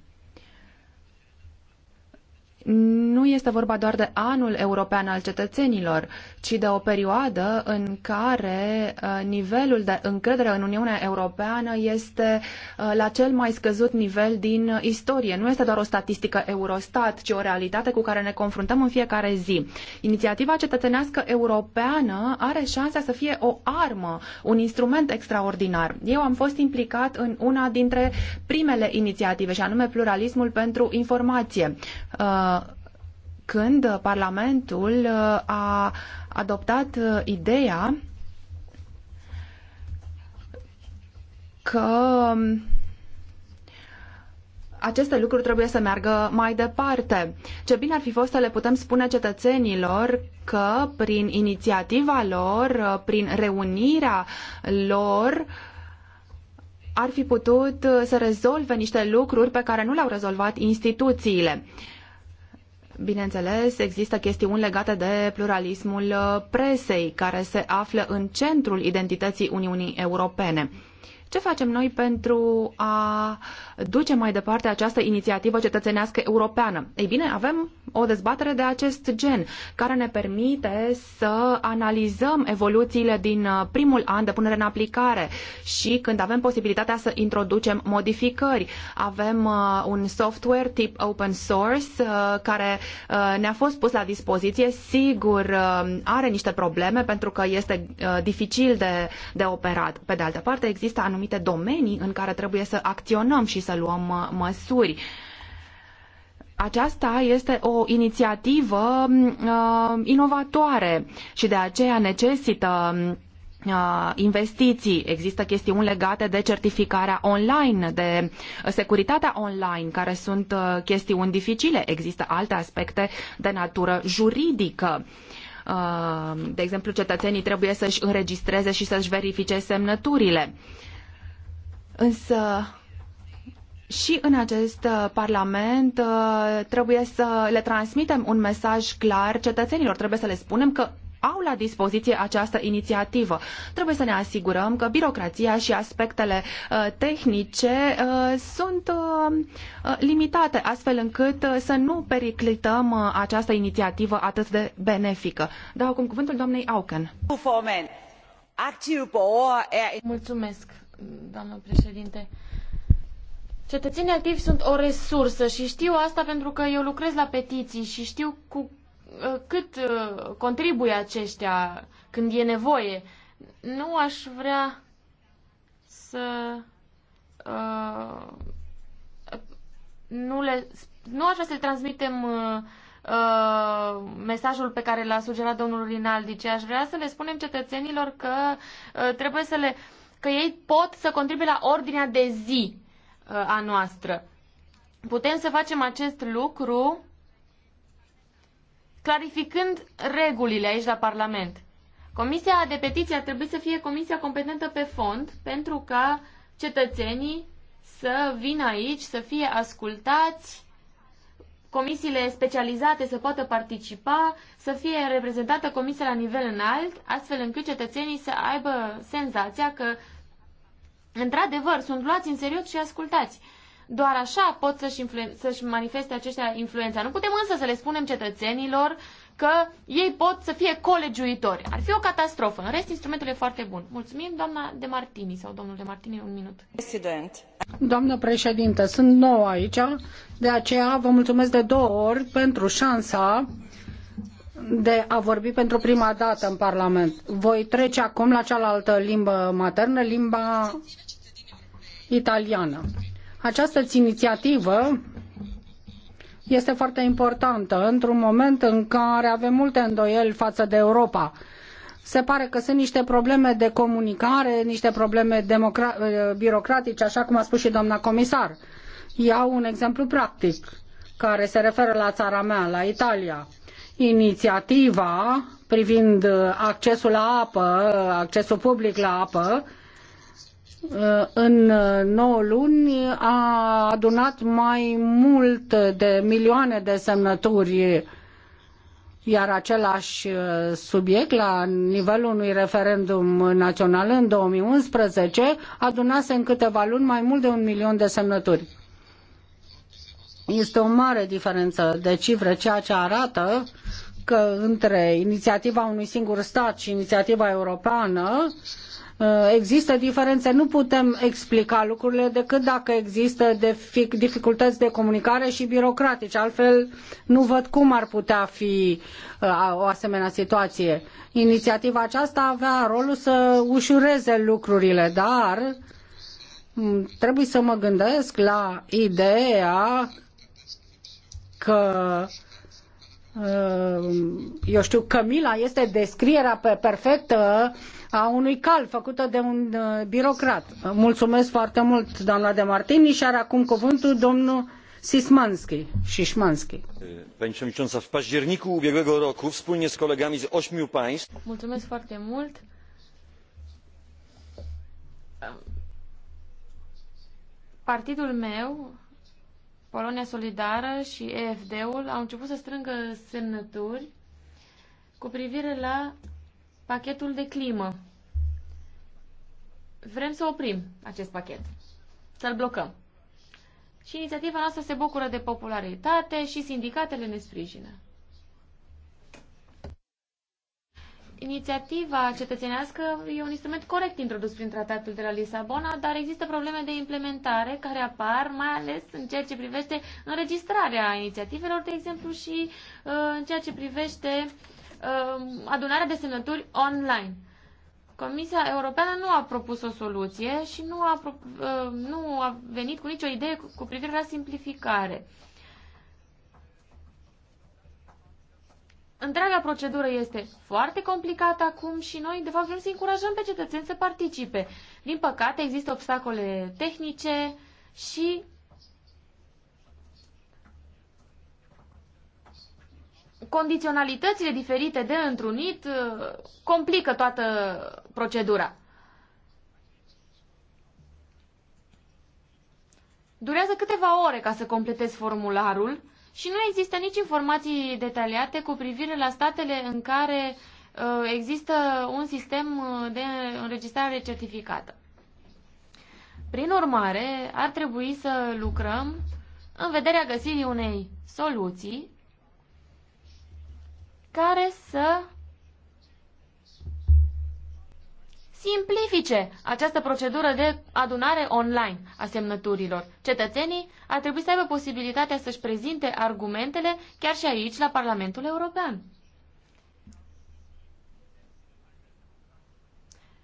nu este vorba doar de anul european al cetățenilor, ci de o perioadă în care uh, nivelul de încredere în Uniunea Europeană este uh, la cel mai scăzut nivel din istorie. Nu este doar o statistică Eurostat, ci o realitate cu care ne confruntăm în fiecare zi. Inițiativa cetățenească europeană are șansa să fie o armă, un instrument extraordinar. Eu am fost implicat în una dintre primele inițiative, și anume pluralismul pentru informație uh, când Parlamentul uh, a adoptat uh, ideea că um, aceste lucruri trebuie să meargă mai departe. Ce bine ar fi fost să le putem spune cetățenilor că prin inițiativa lor, uh, prin reunirea lor, ar fi putut să rezolve niște lucruri pe care nu le-au rezolvat instituțiile. Uh, Bineînțeles, există chestiuni legate de pluralismul uh, presei, care se află în centrul identității Uniunii Europene. Ce facem noi pentru a duce mai departe această inițiativă cetățenească europeană? Ei bine, avem o dezbatere de acest gen, care ne permite să analizăm evoluțiile din uh, primul an de punere în aplicare și când avem posibilitatea să introducem modificări. Avem uh, un software tip open source uh, care ne-a fost pus la dispoziție. Sigur, are niște probleme pentru că este dificil de, de operat. Pe de altă parte, există anumite anumite domenii în care trebuie să acționăm și să luăm uh, măsuri. Aceasta este o inițiativă mm, uh, inovatoare și de aceea necesită mm, uh, investiții, există chestiuni legate de certificarea online, de securitatea online, care sunt uh, chestiuni dificile, există alte aspecte de natură juridică. De exemplu, cetățenii trebuie să-și înregistreze și să-și verifice semnăturile. Însă și în acest uh, Parlament uh, trebuie să le transmitem un mesaj clar cetățenilor. Trebuie să le spunem că au la dispoziție această inițiativă. Trebuie să ne asigurăm că birocrația și aspectele uh, tehnice uh, sunt uh, uh limitate, astfel încât să nu periclităm această inițiativă atât de benefică. Dau acum cuvântul doamnei Auken. Mulțumesc doamnă președinte. Cetățenii activi sunt o resursă și știu asta pentru că eu lucrez la petiții și știu cu uh, cât uh, contribuie aceștia când e nevoie. Nu aș vrea să uh, nu le nu aș vrea să le transmitem uh, uh, mesajul pe care l-a sugerat domnul Rinaldi, ci aș vrea să le spunem cetățenilor că uh, trebuie să le uh, că ei pot să contribuie la ordinea de zi uh, a noastră. Putem să facem acest lucru clarificând regulile aici la Parlament. Comisia de petiție ar trebui să fie comisia competentă pe fond pentru ca cetățenii să vină aici, să fie ascultați, comisiile specializate să poată participa, să fie reprezentată comisia la nivel înalt, astfel încât cetățenii să aibă senzația că într-adevăr, sunt luați în serios și ascultați. Doar așa pot să-și, influen- să-și manifeste aceștia influența. Nu putem însă să le spunem cetățenilor că ei pot să fie colegiuitori. Ar fi o catastrofă. În rest, instrumentul e foarte bun. Mulțumim, doamna De Martini sau domnul De Martini, un minut. President. Doamnă președintă, sunt nouă aici, de aceea vă mulțumesc de două ori pentru șansa de a vorbi pentru prima dată în Parlament. Voi trece acum la cealaltă limbă maternă, limba italiană. Această inițiativă este foarte importantă într-un moment în care avem multe îndoieli față de Europa. Se pare că sunt niște probleme de comunicare, niște probleme birocratice, așa cum a spus și doamna comisar. Iau un exemplu practic care se referă la țara mea, la Italia inițiativa privind accesul la apă, accesul public la apă, în 9 luni a adunat mai mult de milioane de semnături iar același subiect la nivelul unui referendum național în 2011 adunase în câteva luni mai mult de un milion de semnături. Este o mare diferență de cifre, ceea ce arată că între inițiativa unui singur stat și inițiativa europeană uh, există diferențe. Nu putem explica lucrurile decât dacă există dificultăți de comunicare și birocratice. Altfel, nu văd cum ar putea fi uh, o asemenea situație. Inițiativa aceasta avea rolul să ușureze lucrurile, dar mm, trebuie să mă gândesc la ideea că uh, eu știu, Camila este descrierea perfectă a unui cal făcută de un uh, birocrat. Mulțumesc foarte mult, doamna de Martini, și are acum cuvântul domnul Sismanski, Szyszmanski. Pani przewodnicząca, w październiku ubiegłego roku wspólnie z kolegami z ośmiu państw. Mulțumesc foarte mult. Partidul meu Polonia Solidară și EFD-ul au început să strângă semnături cu privire la pachetul de climă. Vrem să oprim acest pachet, să-l blocăm. Și inițiativa noastră se bucură de popularitate și sindicatele ne sprijină. Inițiativa cetățenească e un instrument corect introdus prin tratatul de la Lisabona, dar există probleme de implementare care apar, mai ales în ceea ce privește înregistrarea inițiativelor, de exemplu, și uh, în ceea ce privește uh, adunarea de semnături online. Comisia Europeană nu a propus o soluție și nu a, uh, nu a venit cu nicio idee cu privire la simplificare. Uh, Întreaga procedură este foarte complicată acum și noi, de fapt, vrem să încurajăm pe cetățeni să participe. Din păcate, există obstacole tehnice și condiționalitățile diferite de întrunit uh, complică toată procedura. Durează câteva ore ca să completezi formularul și nu există nici informații detaliate cu privire la statele în care uh, există un sistem uh, de înregistrare certificată. Prin urmare, ar trebui să lucrăm în vederea găsirii unei soluții care să simplifice această procedură de adunare online a semnăturilor. Cetățenii ar trebui să aibă posibilitatea să-și prezinte argumentele chiar și aici, la Parlamentul European.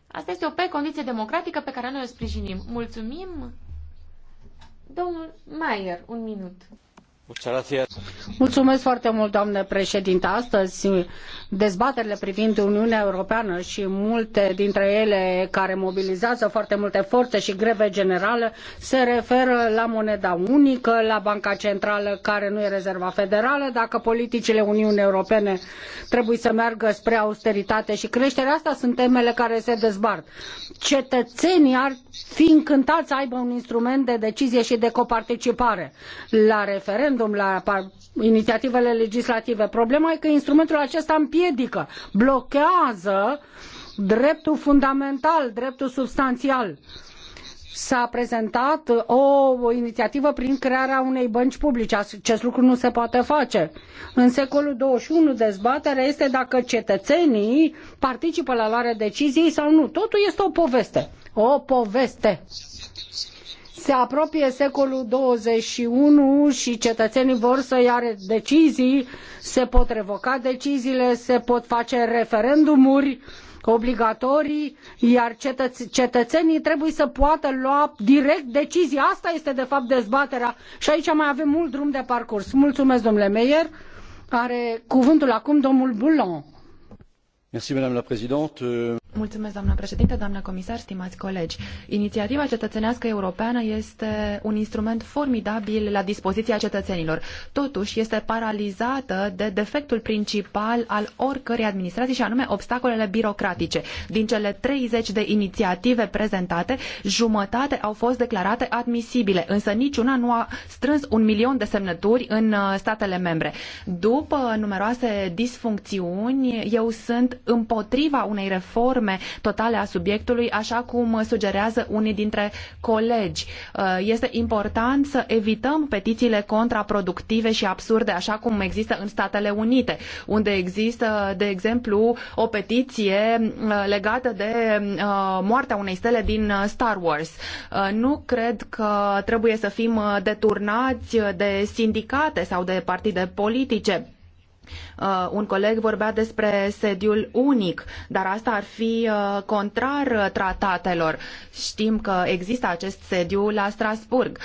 Asta este o pe condiție democratică pe care noi o sprijinim. Mulțumim. Domnul Maier, un minut. Mulțumesc foarte mult, doamnă președinte. Astăzi Dezbaterile privind Uniunea Europeană și multe dintre ele care mobilizează foarte multe forțe și greve generale se referă la moneda unică, la banca centrală care nu e rezerva federală, dacă politicile Uniunii Europene trebuie să meargă spre austeritate și creștere. Astea sunt temele care se dezbat. Cetățenii ar fi încântați să aibă un instrument de decizie și de coparticipare la referendum, la inițiativele legislative. Problema e că instrumentul acesta împiedică împiedică, blochează dreptul fundamental, dreptul substanțial s-a prezentat o, o inițiativă prin crearea unei bănci publice. Acest lucru nu se poate face. În secolul 21 dezbaterea este dacă cetățenii participă la luarea deciziei sau nu. Totul este o poveste. O poveste. Se apropie secolul 21 și cetățenii vor să ia decizii, se pot revoca deciziile, se pot face referendumuri obligatorii, iar cetăț cetățenii trebuie să poată lua direct decizii. Asta este, de fapt, dezbaterea și aici mai avem mult drum de parcurs. Mulțumesc, domnule Meyer. Are cuvântul acum domnul Boulon. Merci, madame la présidente. Mulțumesc, doamnă președinte, doamnă comisar, stimați colegi. Inițiativa cetățenească europeană este un instrument formidabil la dispoziția cetățenilor. Totuși, este paralizată de defectul principal al oricărei administrații și anume obstacolele birocratice. Din cele 30 de inițiative prezentate, jumătate au fost declarate admisibile, însă niciuna nu a strâns un milion de semnături în uh, statele membre. După numeroase disfuncțiuni, eu sunt împotriva unei reforme forme totale a subiectului, așa cum sugerează unii dintre colegi. Uh, este important să evităm petițiile contraproductive și absurde, așa cum există în Statele Unite, unde există, de exemplu, o petiție uh, legată de uh, moartea unei stele din Star Wars. Nu cred că trebuie să fim deturnați de sindicate sau de partide politice Uh, un coleg vorbea despre sediul unic, dar asta ar fi uh, contrar uh, tratatelor. Știm că există acest sediu la Strasbourg.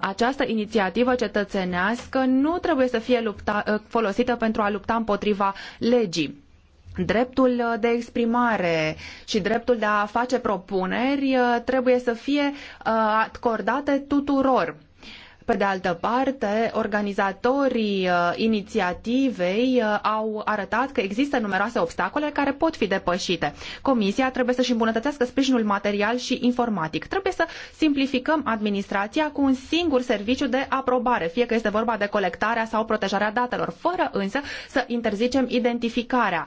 Această inițiativă cetățenească nu trebuie să fie lupta, folosită pentru a lupta împotriva legii dreptul de exprimare și dreptul de a face propuneri trebuie să fie acordate tuturor. Pe de altă parte, organizatorii uh, inițiativei uh, au arătat că există numeroase obstacole care pot fi depășite. Comisia trebuie să-și îmbunătățească sprijinul material și informatic. Trebuie să simplificăm administrația cu un singur serviciu de aprobare, fie că este vorba de colectarea sau protejarea datelor, fără însă să interzicem identificarea.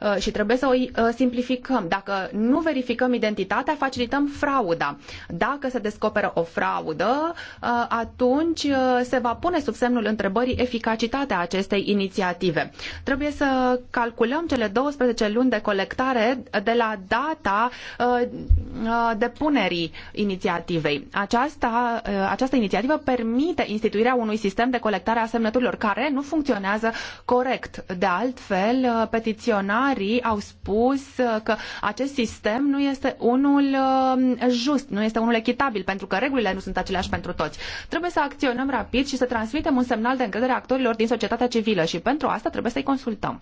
Uh, și trebuie să o uh, simplificăm. Dacă nu verificăm identitatea, facilităm frauda. Dacă se descoperă o fraudă, uh, atunci se va pune sub semnul întrebării eficacitatea acestei inițiative. Trebuie să calculăm cele 12 luni de colectare de la data depunerii inițiativei. Aceasta, această inițiativă permite instituirea unui sistem de colectare a semnăturilor care nu funcționează corect. De altfel, petiționar parlamentarii au spus uh, că acest sistem nu este unul uh, just, nu este unul echitabil, pentru că regulile nu sunt aceleași pentru toți. Trebuie să acționăm rapid și să transmitem un semnal de încredere actorilor din societatea civilă și pentru asta trebuie să-i consultăm.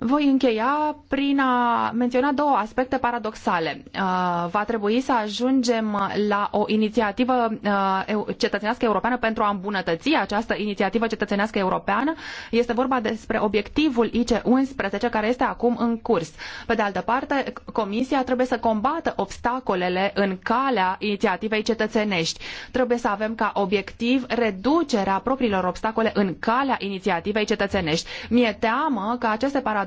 Voi încheia prin a menționa două aspecte paradoxale. Uh, va trebui să ajungem la o inițiativă uh, cetățenească europeană pentru a îmbunătăți această inițiativă cetățenească europeană. Este vorba despre obiectivul IC11 care este acum în curs. Pe de altă parte, Comisia trebuie să combată obstacolele în calea inițiativei cetățenești. Trebuie să avem ca obiectiv reducerea propriilor obstacole în calea inițiativei cetățenești. Mi-e teamă că aceste paradoxe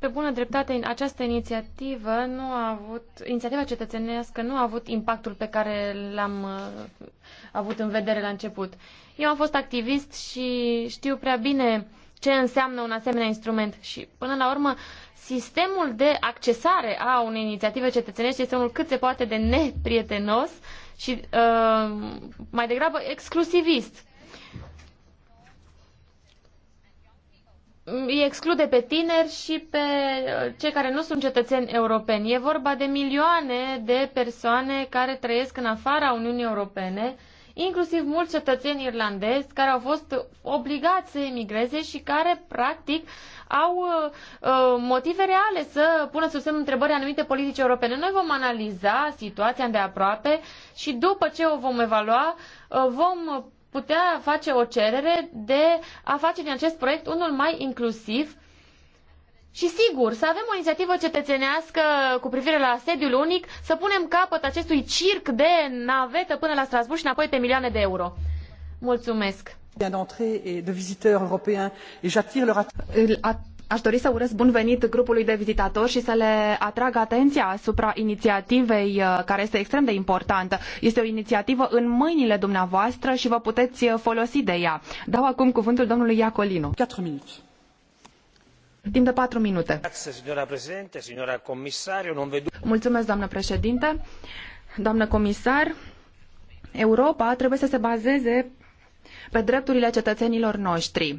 pe bună dreptate, această inițiativă nu a avut, inițiativa cetățenească nu a avut impactul pe care l-am uh, avut în vedere la început. Eu am fost activist și știu prea bine ce înseamnă un asemenea instrument și, până la urmă, sistemul de accesare a unei inițiative cetățenești este unul cât se poate de neprietenos și uh, mai degrabă exclusivist îi exclude pe tineri și pe uh, cei care nu sunt cetățeni europeni. E vorba de milioane de persoane care trăiesc în afara Uniunii Europene, inclusiv mulți cetățeni irlandezi care au fost obligați să emigreze și care, practic, au uh, uh motive reale să pună sub semn întrebări anumite politici europene. Noi vom analiza situația de aproape și după ce o vom evalua, uh, vom putea face o cerere de a face din acest proiect unul mai inclusiv și sigur, să avem o inițiativă cetățenească cu privire la sediul unic, să punem capăt acestui circ de navetă până la Strasbourg și înapoi pe milioane de euro. Mulțumesc! d'entrée et de visiteurs européens et j'attire leur attention Aș dori să urez bun venit grupului de vizitatori și să le atrag atenția asupra inițiativei uh, care este extrem de importantă. Este o inițiativă în mâinile dumneavoastră și vă puteți uh, folosi de ea. Dau acum cuvântul domnului Iacolino. 4 minute. Timp de 4 minute. Mulțumesc, doamnă președinte. Doamnă comisar, Europa trebuie să se bazeze pe drepturile cetățenilor noștri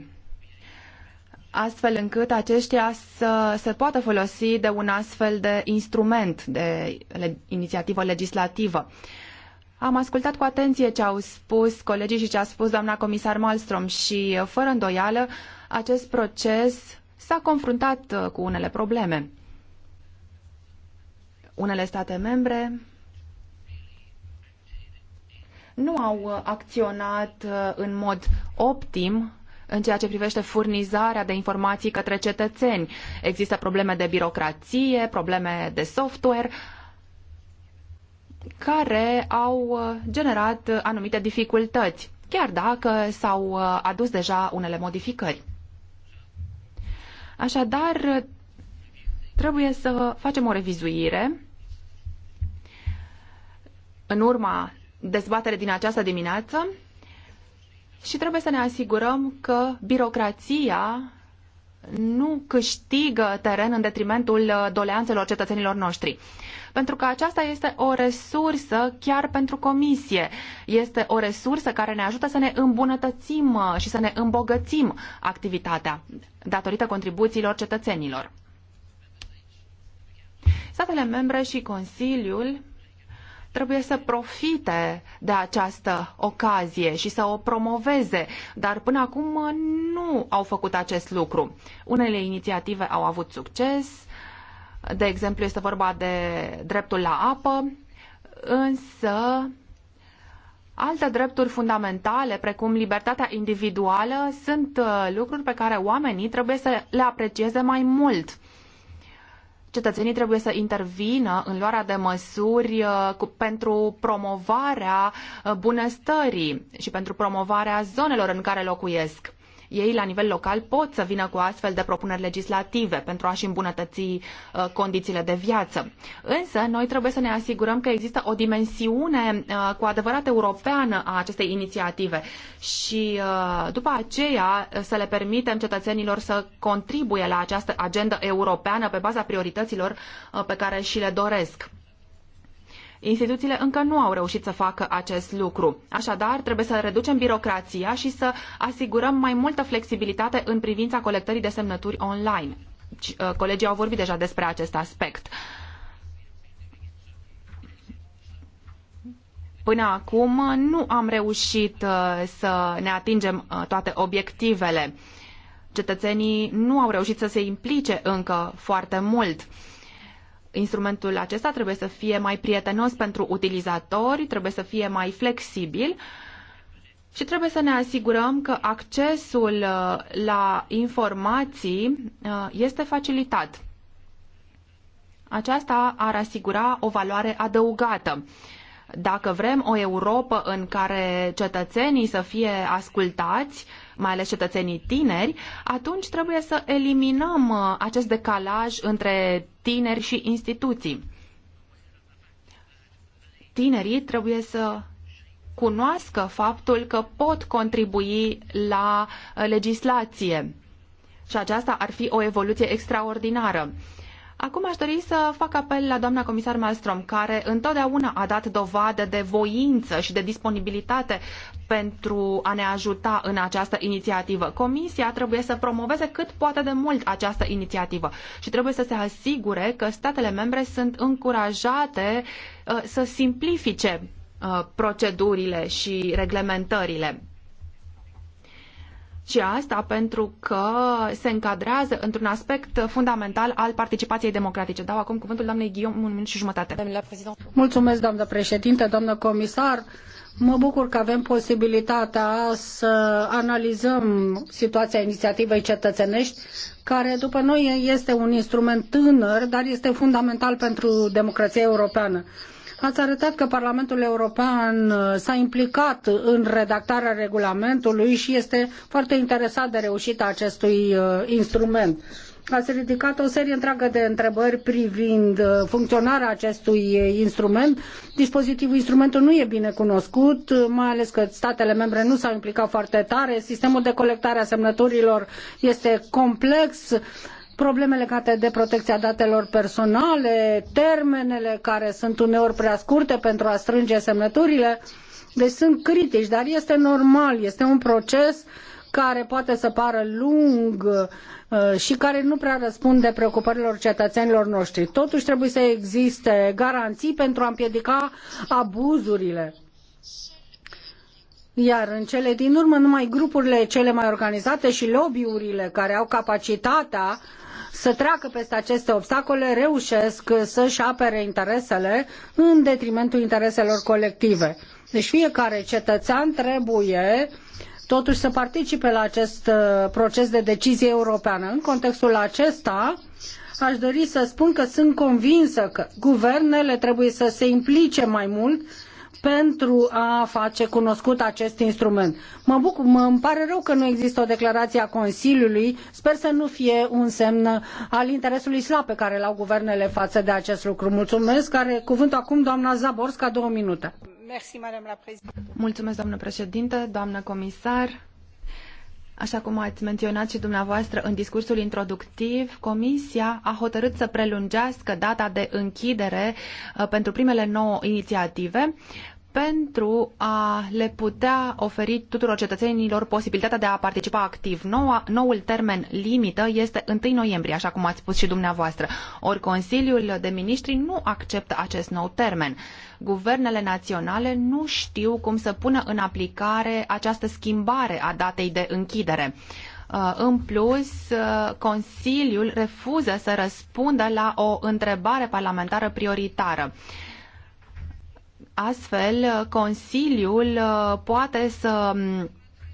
astfel încât aceștia să se poată folosi de un astfel de instrument, de le, inițiativă legislativă. Am ascultat cu atenție ce au spus colegii și ce a spus doamna comisar Malmström și, fără îndoială, acest proces s-a confruntat uh, cu unele probleme. Unele state membre nu au uh, acționat uh, în mod optim în ceea ce privește furnizarea de informații către cetățeni. Există probleme de birocrație, probleme de software care au uh, generat uh, anumite dificultăți, chiar dacă s-au uh, adus deja unele modificări. Așadar, trebuie să facem o revizuire în urma dezbaterii din această dimineață și trebuie să ne asigurăm că birocrația nu câștigă teren în detrimentul uh, doleanțelor cetățenilor noștri. Pentru că aceasta este o resursă chiar pentru comisie. Este o resursă care ne ajută să ne îmbunătățim uh, și să ne îmbogățim activitatea datorită contribuțiilor cetățenilor. Statele membre și Consiliul trebuie să profite de această ocazie și să o promoveze, dar până acum nu au făcut acest lucru. Unele inițiative au avut succes, de exemplu este vorba de dreptul la apă, însă alte drepturi fundamentale, precum libertatea individuală, sunt uh, lucruri pe care oamenii trebuie să le aprecieze mai mult cetățenii trebuie să intervină în luarea de măsuri uh, cu, pentru promovarea uh, bunăstării și pentru promovarea zonelor în care locuiesc. Ei, la nivel local, pot să vină cu astfel de propuneri legislative pentru a-și îmbunătăți uh, condițiile de viață. Însă, noi trebuie să ne asigurăm că există o dimensiune uh, cu adevărat europeană a acestei inițiative și uh, după aceea să le permitem cetățenilor să contribuie la această agendă europeană pe baza priorităților pe care și le doresc. Instituțiile încă nu au reușit să facă acest lucru. Așadar, trebuie să reducem birocrația și să asigurăm mai multă flexibilitate în privința colectării de semnături online. Uh, colegii au vorbit deja despre acest aspect. Până acum nu am reușit uh, să ne atingem uh, toate obiectivele. Cetățenii nu au reușit să se implice încă foarte mult. Uh, instrumentul acesta trebuie să fie mai prietenos pentru utilizatori, trebuie să fie mai flexibil și trebuie să ne asigurăm că accesul uh, la informații uh, este facilitat. Aceasta ar asigura o valoare adăugată. Dacă vrem o Europa în care cetățenii să fie ascultați, mai ales cetățenii tineri, atunci trebuie să eliminăm uh, acest decalaj între tineri și instituții. Tinerii trebuie să cunoască faptul că pot contribui la uh, legislație. Și aceasta ar fi o evoluție extraordinară. Acum aș dori să fac apel la doamna comisar Malmström, care întotdeauna a dat dovadă de voință și de disponibilitate pentru a ne ajuta în această inițiativă. Comisia trebuie să promoveze cât poate de mult această inițiativă și trebuie să se asigure că statele membre sunt încurajate uh, să simplifice uh, procedurile și reglementările și asta pentru că se încadrează într-un aspect fundamental al participației democratice. Dau acum cuvântul doamnei Ghiom, un minut și jumătate. Mulțumesc, doamnă președinte, doamnă comisar. Mă bucur că avem posibilitatea să analizăm situația inițiativei cetățenești, care după noi este un instrument tânăr, dar este fundamental pentru democrația europeană. Ați arătat că Parlamentul European uh, s-a implicat în redactarea regulamentului și este foarte interesat de reușita acestui uh, instrument. Ați ridicat o serie întreagă de întrebări privind uh, funcționarea acestui instrument. Dispozitivul instrumentul nu e bine cunoscut, mai ales că statele membre nu s-au implicat foarte tare. Sistemul de colectare a semnăturilor este complex probleme legate de protecția datelor personale, termenele care sunt uneori prea scurte pentru a strânge semnăturile. Deci sunt critici, dar este normal, este un proces care poate să pară lung uh, și care nu prea răspunde preocupărilor cetățenilor noștri. Totuși trebuie să existe garanții pentru a împiedica abuzurile. Iar în cele din urmă, numai grupurile cele mai organizate și lobby-urile care au capacitatea să treacă peste aceste obstacole reușesc să-și apere interesele în detrimentul intereselor colective. Deci fiecare cetățean trebuie totuși să participe la acest uh, proces de decizie europeană. În contextul acesta, aș dori să spun că sunt convinsă că guvernele trebuie să se implice mai mult pentru a face cunoscut acest instrument. Mă bucur, mă îmi pare rău că nu există o declarație a Consiliului. Sper să nu fie un semn al interesului slab pe care l-au guvernele față de acest lucru. Mulțumesc. Care cuvântul acum doamna Zaborska, două minute. Mulțumesc, doamnă președinte, doamnă comisar. Așa cum ați menționat și dumneavoastră în discursul introductiv, Comisia a hotărât să prelungească data de închidere uh, pentru primele nouă inițiative pentru a le putea oferi tuturor cetățenilor posibilitatea de a participa activ. Noua, noul termen limită este 1 noiembrie, așa cum ați spus și dumneavoastră. Ori Consiliul de Ministri nu acceptă acest nou termen. Guvernele naționale nu știu cum să pună în aplicare această schimbare a datei de închidere. Uh, în plus, uh, Consiliul refuză să răspundă la o întrebare parlamentară prioritară. Astfel, Consiliul uh, poate să mm,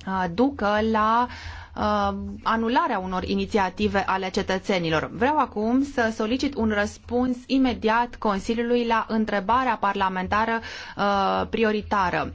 uh, ducă la uh, anularea unor inițiative ale cetățenilor. Vreau acum să solicit un răspuns imediat Consiliului la întrebarea parlamentară prioritară.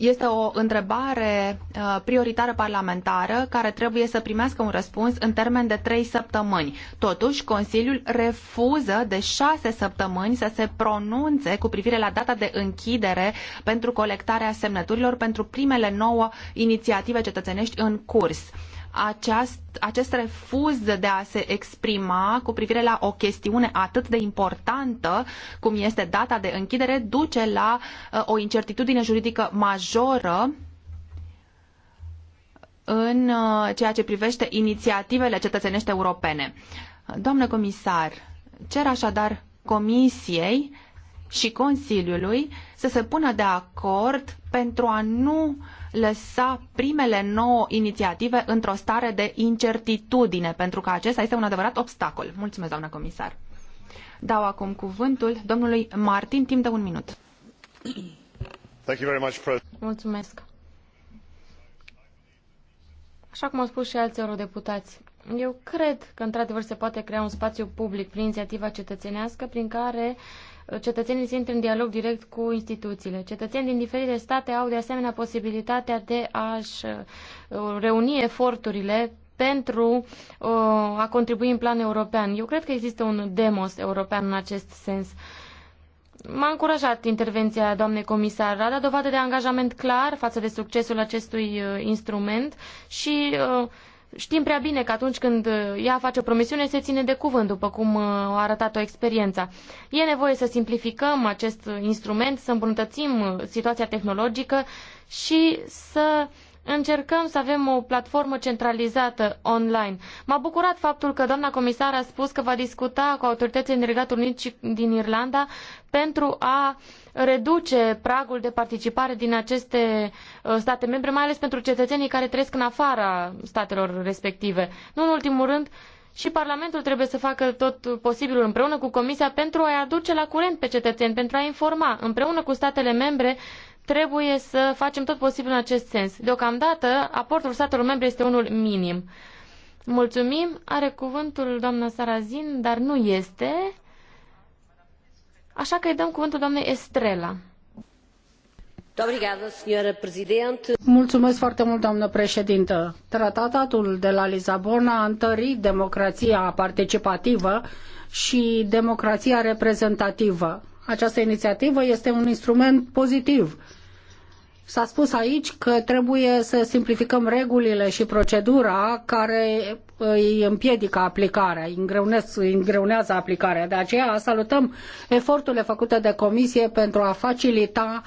Este o întrebare uh, prioritară parlamentară care trebuie să primească un răspuns în termen de trei săptămâni. Totuși, Consiliul refuză de șase săptămâni să se pronunțe cu privire la data de închidere pentru colectarea semnăturilor pentru primele nouă inițiative cetățenești în curs aceast, acest refuz de a se exprima cu privire la o chestiune atât de importantă cum este data de închidere duce la uh, o incertitudine juridică majoră în uh, ceea ce privește inițiativele cetățenești europene. Doamnă comisar, cer așadar Comisiei și Consiliului să se pună de acord pentru a nu uh, lăsa primele nouă inițiative într-o stare de incertitudine, pentru că acesta este un adevărat obstacol. Mulțumesc, doamnă comisar. Dau acum cuvântul domnului Martin, timp de un minut. Mulțumesc. Așa cum au spus și alți eurodeputați, eu cred că într-adevăr se poate crea un spațiu public prin inițiativa cetățenească prin care uh, cetățenii să intre în dialog direct cu instituțiile. Cetățenii din diferite state au de asemenea posibilitatea de a-și uh, reuni eforturile pentru uh, a contribui în plan european. Eu cred că există un demos european în acest sens. M-a încurajat intervenția doamnei comisar. A dat dovadă de angajament clar față de succesul acestui uh, instrument și uh, Știm prea bine că atunci când uh, ea face o promisiune, se ține de cuvânt, după cum uh, a arătat-o experiența. E nevoie să simplificăm acest uh, instrument, să îmbunătățim situația tehnologică și să uh, încercăm să avem o platformă centralizată online. M-a bucurat faptul că doamna comisar a spus că va discuta cu autoritățile din Regatul Unit și din Irlanda pentru a reduce pragul de participare din aceste uh, state membre, mai ales pentru cetățenii care trăiesc în afara statelor respective. Nu în ultimul rând, și Parlamentul trebuie să facă tot posibilul împreună cu Comisia pentru a-i aduce la curent pe cetățeni, pentru a informa împreună cu statele membre Trebuie să facem tot posibil în acest sens. Deocamdată, aportul statelor membre este unul minim. Mulțumim. Are cuvântul doamna Sarazin, dar nu este. Așa că îi dăm cuvântul doamnei Estrela. Mulțumesc foarte mult, doamnă președintă. Tratatul de la Lisabona a întărit democrația participativă și democrația reprezentativă. Această inițiativă este un instrument pozitiv S-a spus aici că trebuie să simplificăm regulile și procedura care îi împiedică aplicarea, îi, îngreunează aplicarea. De aceea salutăm eforturile făcute de comisie pentru a facilita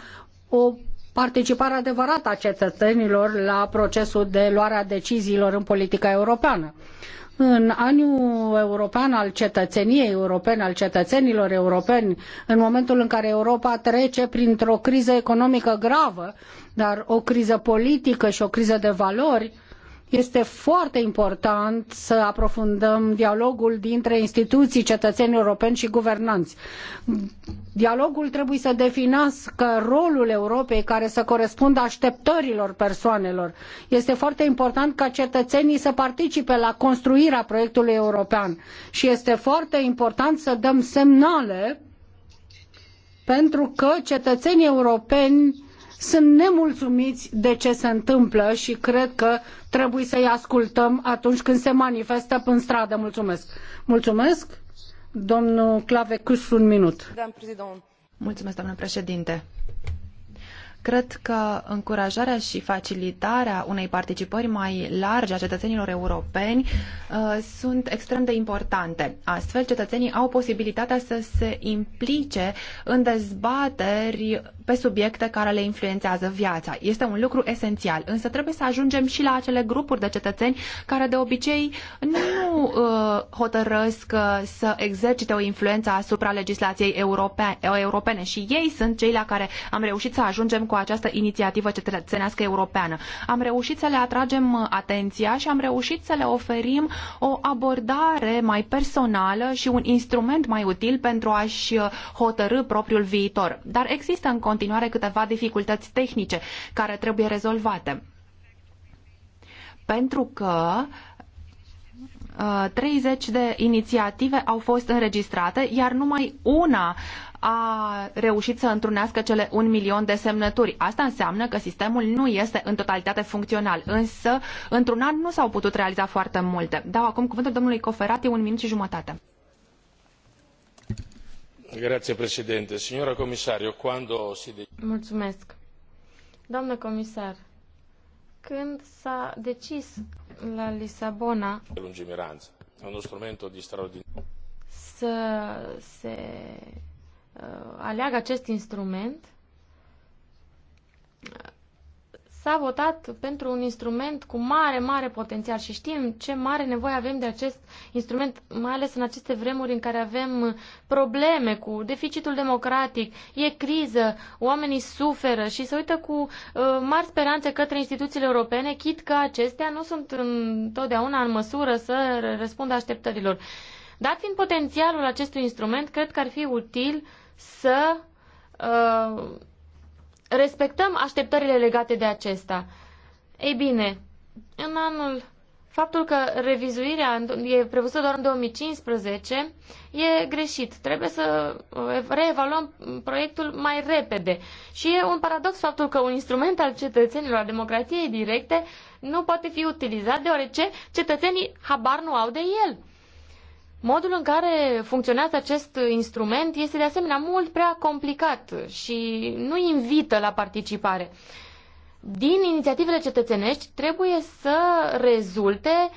o participare adevărată a cetățenilor la procesul de luare a deciziilor în politica europeană în anul european al cetățeniei europene, al cetățenilor europeni, în momentul în care Europa trece printr-o criză economică gravă, dar o criză politică și o criză de valori, este foarte important să aprofundăm dialogul dintre instituții, cetățeni europeni și guvernanți. Dialogul trebuie să definească rolul Europei care să corespundă așteptărilor persoanelor. Este foarte important ca cetățenii să participe la construirea proiectului european și este foarte important să dăm semnale pentru că cetățenii europeni sunt nemulțumiți de ce se întâmplă și cred că trebuie să-i ascultăm atunci când se manifestă în stradă. Mulțumesc! Mulțumesc! Domnul Clavecus, un minut. Mulțumesc, doamnă președinte. Cred că încurajarea și facilitarea unei participări mai largi a cetățenilor europeni uh, sunt extrem de importante. Astfel, cetățenii au posibilitatea să se implice în dezbateri pe subiecte care le influențează viața. Este un lucru esențial, însă trebuie să ajungem și la acele grupuri de cetățeni care de obicei nu uh, hotărăsc uh, să exercite o influență asupra legislației europene, uh, europene și ei sunt cei la care am reușit să ajungem cu această inițiativă cetățenească europeană. Am reușit să le atragem uh, atenția și am reușit să le oferim o abordare mai personală și un instrument mai util pentru a-și hotărâ propriul viitor. Dar există în continuare câteva dificultăți tehnice care trebuie rezolvate. Pentru că 30 uh, de inițiative au fost înregistrate, iar numai una a reușit să întrunească cele un milion de semnături. Asta înseamnă că sistemul nu este în totalitate funcțional, însă într-un an nu s-au putut realiza foarte multe. Dau acum cuvântul domnului Coferati, un minut și jumătate. Mulțumesc. Doamnă comisar, când s-a decis la Lisabona lungimiranță, un instrument de straordinar să se uh, aleagă acest instrument, s-a votat pentru un instrument cu mare, mare potențial și știm ce mare nevoie avem de acest instrument, mai ales în aceste vremuri în care avem probleme cu deficitul democratic, e criză, oamenii suferă și se uită cu uh, mari speranțe către instituțiile europene, chit că acestea nu sunt întotdeauna în măsură să răspundă așteptărilor. Dat fiind potențialul acestui instrument, cred că ar fi util să uh, respectăm așteptările legate de acesta. Ei bine, în anul faptul că revizuirea e prevăzută doar în 2015 e greșit. Trebuie să uh, reevaluăm proiectul mai repede. Și e un paradox faptul că un instrument al cetățenilor, a democrației directe, nu poate fi utilizat deoarece cetățenii habar nu au de el. Modul în care funcționează acest instrument este de asemenea mult prea complicat și nu invită la participare. Din inițiativele cetățenești trebuie să rezulte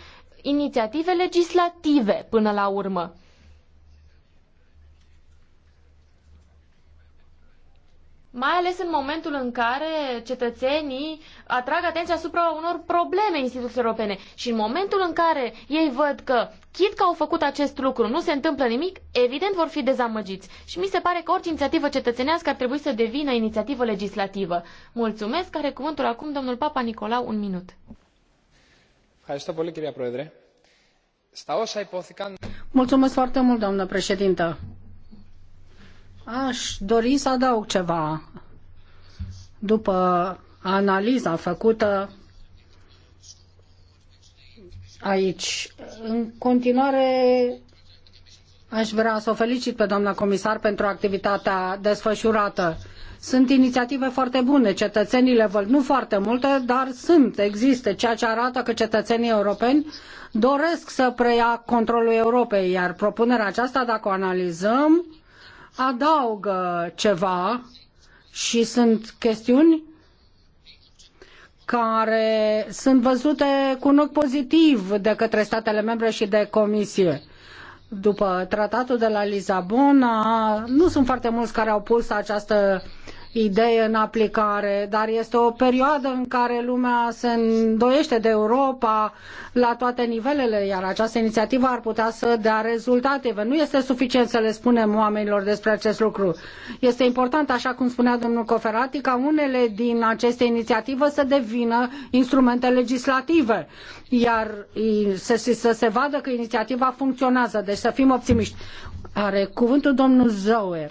inițiative legislative până la urmă. mai ales în momentul în care cetățenii atrag atenția asupra unor probleme instituțiilor europene. Și în momentul în care ei văd că, chit că au făcut acest lucru, nu se întâmplă nimic, evident vor fi dezamăgiți. Și mi se pare că orice inițiativă cetățenească ar trebui să devină inițiativă legislativă. Mulțumesc, care cuvântul acum domnul Papa Nicolau, un minut. Mulțumesc foarte mult, doamnă președintă Aș dori să adaug ceva. După analiza făcută aici, în continuare aș vrea să o felicit pe doamna comisar pentru activitatea desfășurată. Sunt inițiative foarte bune, cetățenii le văd, nu foarte multe, dar sunt, există, ceea ce arată că cetățenii europeni doresc să preia controlul Europei, iar propunerea aceasta, dacă o analizăm, adaugă ceva și sunt chestiuni care sunt văzute cu un ochi pozitiv de către statele membre și de comisie. După tratatul de la Lisabona, nu sunt foarte mulți care au pus această uh, idee în aplicare, dar este o perioadă în care lumea se îndoiește de Europa la toate nivelele, iar această inițiativă ar putea să dea rezultative. Nu este suficient să le spunem oamenilor despre acest lucru. Este important, așa cum spunea domnul Coferati, ca unele din aceste inițiative să devină instrumente legislative, iar să, să se vadă că inițiativa funcționează, deci să fim optimiști. Are cuvântul domnul Zauer.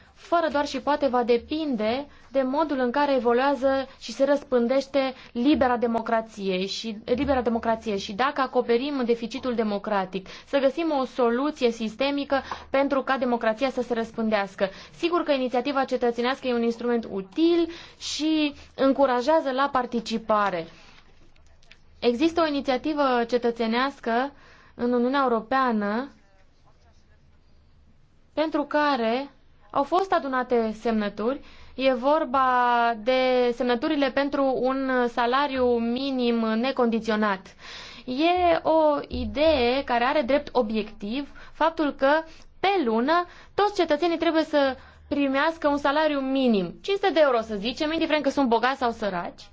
fără doar și poate va depinde de modul în care evoluează și se răspândește libera democrație și, libera democrație și dacă acoperim deficitul democratic, să găsim o soluție sistemică pentru ca democrația să se răspândească. Sigur că inițiativa cetățenească e un instrument util și încurajează la participare. Există o inițiativă cetățenească în Uniunea Europeană pentru care au fost adunate semnături. E vorba de semnăturile pentru un salariu minim necondiționat. E o idee care are drept obiectiv faptul că pe lună toți cetățenii trebuie să primească un salariu minim, 500 de euro să zicem, indiferent că sunt bogați sau săraci.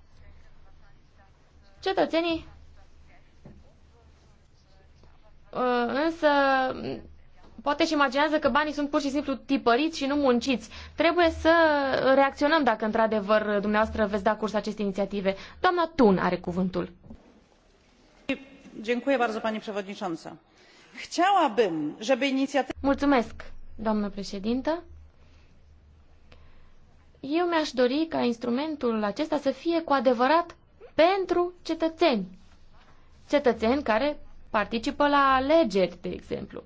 Cetățenii uh, însă poate și imaginează că banii sunt pur și simplu tipăriți și nu munciți. Trebuie să reacționăm dacă într-adevăr dumneavoastră veți da curs aceste inițiative. Doamna Tun are cuvântul. Mulțumesc, doamnă președintă. Eu mi-aș dori ca instrumentul acesta să fie cu adevărat pentru cetățeni. Cetățeni care participă la alegeri, de exemplu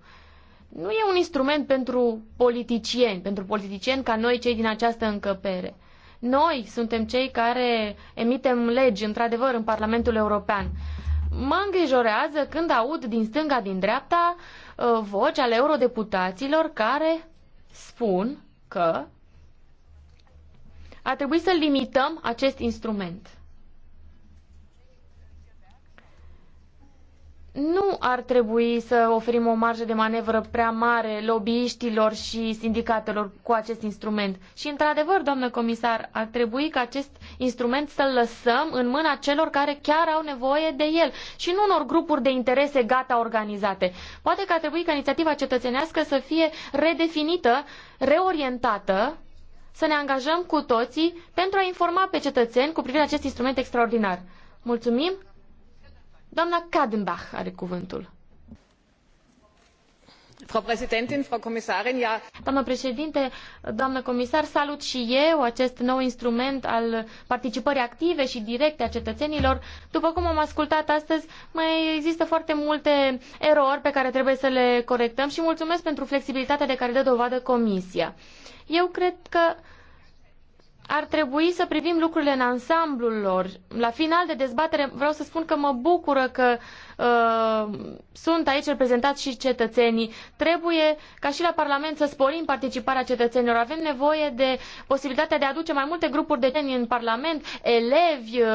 nu e un instrument pentru politicieni, pentru politicieni ca noi cei din această încăpere. Noi suntem cei care emitem legi, într-adevăr, în Parlamentul European. Mă îngrijorează când aud din stânga, din dreapta, uh, voci ale eurodeputaților care spun că ar trebui să limităm acest instrument. nu ar trebui să oferim o marjă de manevră prea mare lobbyiștilor și sindicatelor cu acest instrument. Și, într-adevăr, doamnă comisar, ar trebui ca acest instrument să-l lăsăm în mâna celor care chiar au nevoie de el și nu unor grupuri de interese gata organizate. Poate că ar trebui ca inițiativa cetățenească să fie redefinită, reorientată, să ne angajăm cu toții pentru a informa pe cetățeni cu privire la acest instrument extraordinar. Mulțumim! Doamna Kadenbach are cuvântul. Frau Präsidentin, Frau Kommissarin, ja. Doamnă președinte, doamnă comisar, salut și eu acest nou instrument al participării active și directe a cetățenilor. După cum am ascultat astăzi, mai există foarte multe erori pe care trebuie să le corectăm și mulțumesc pentru flexibilitatea de care dă dovadă Comisia. Eu cred că ar trebui să privim lucrurile în ansamblul lor. La final de dezbatere vreau să spun că mă bucură că uh, sunt aici reprezentați și cetățenii. Trebuie ca și la Parlament să sporim participarea cetățenilor. Avem nevoie de posibilitatea de a aduce mai multe grupuri de cetățeni în Parlament, elevi uh,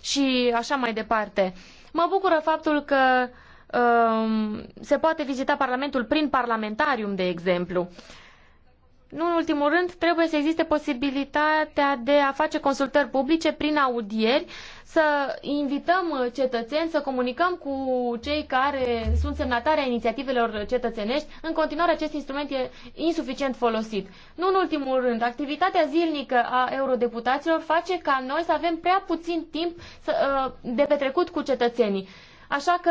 și așa mai departe. Mă bucură faptul că uh, se poate vizita Parlamentul prin parlamentarium, de exemplu. Uh, nu în ultimul rând, trebuie să existe posibilitatea de a face consultări publice prin audieri, să invităm cetățeni, să comunicăm cu cei care sunt semnatari a inițiativelor cetățenești. În continuare, acest instrument e insuficient folosit. Nu în ultimul rând, activitatea zilnică a eurodeputaților face ca noi să avem prea puțin timp uh, de petrecut cu cetățenii. Așa că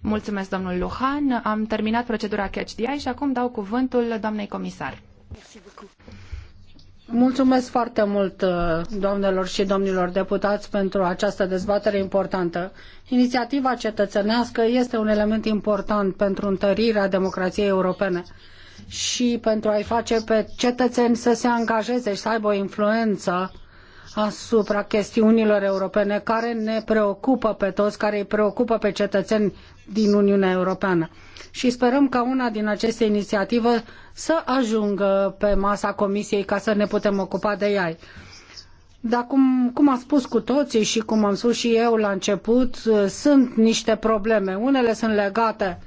Mulțumesc, Luhan. Am terminat procedura Catch the Eye și acum dau cuvântul doamnei comisar. Mulțumesc foarte mult, uh, doamnelor și domnilor deputați, pentru această dezbatere importantă. Inițiativa cetățenească este un element important pentru întărirea democrației europene și pentru a-i face pe cetățeni să se angajeze și să aibă o influență uh, asupra chestiunilor europene care ne preocupă pe toți, care îi preocupă pe cetățeni din Uniunea Europeană. Și sperăm ca una din aceste inițiative să ajungă pe masa Comisiei ca să ne putem ocupa de ea. Dar cum, cum am spus cu toții și cum am spus și eu la început, sunt niște probleme. Unele sunt legate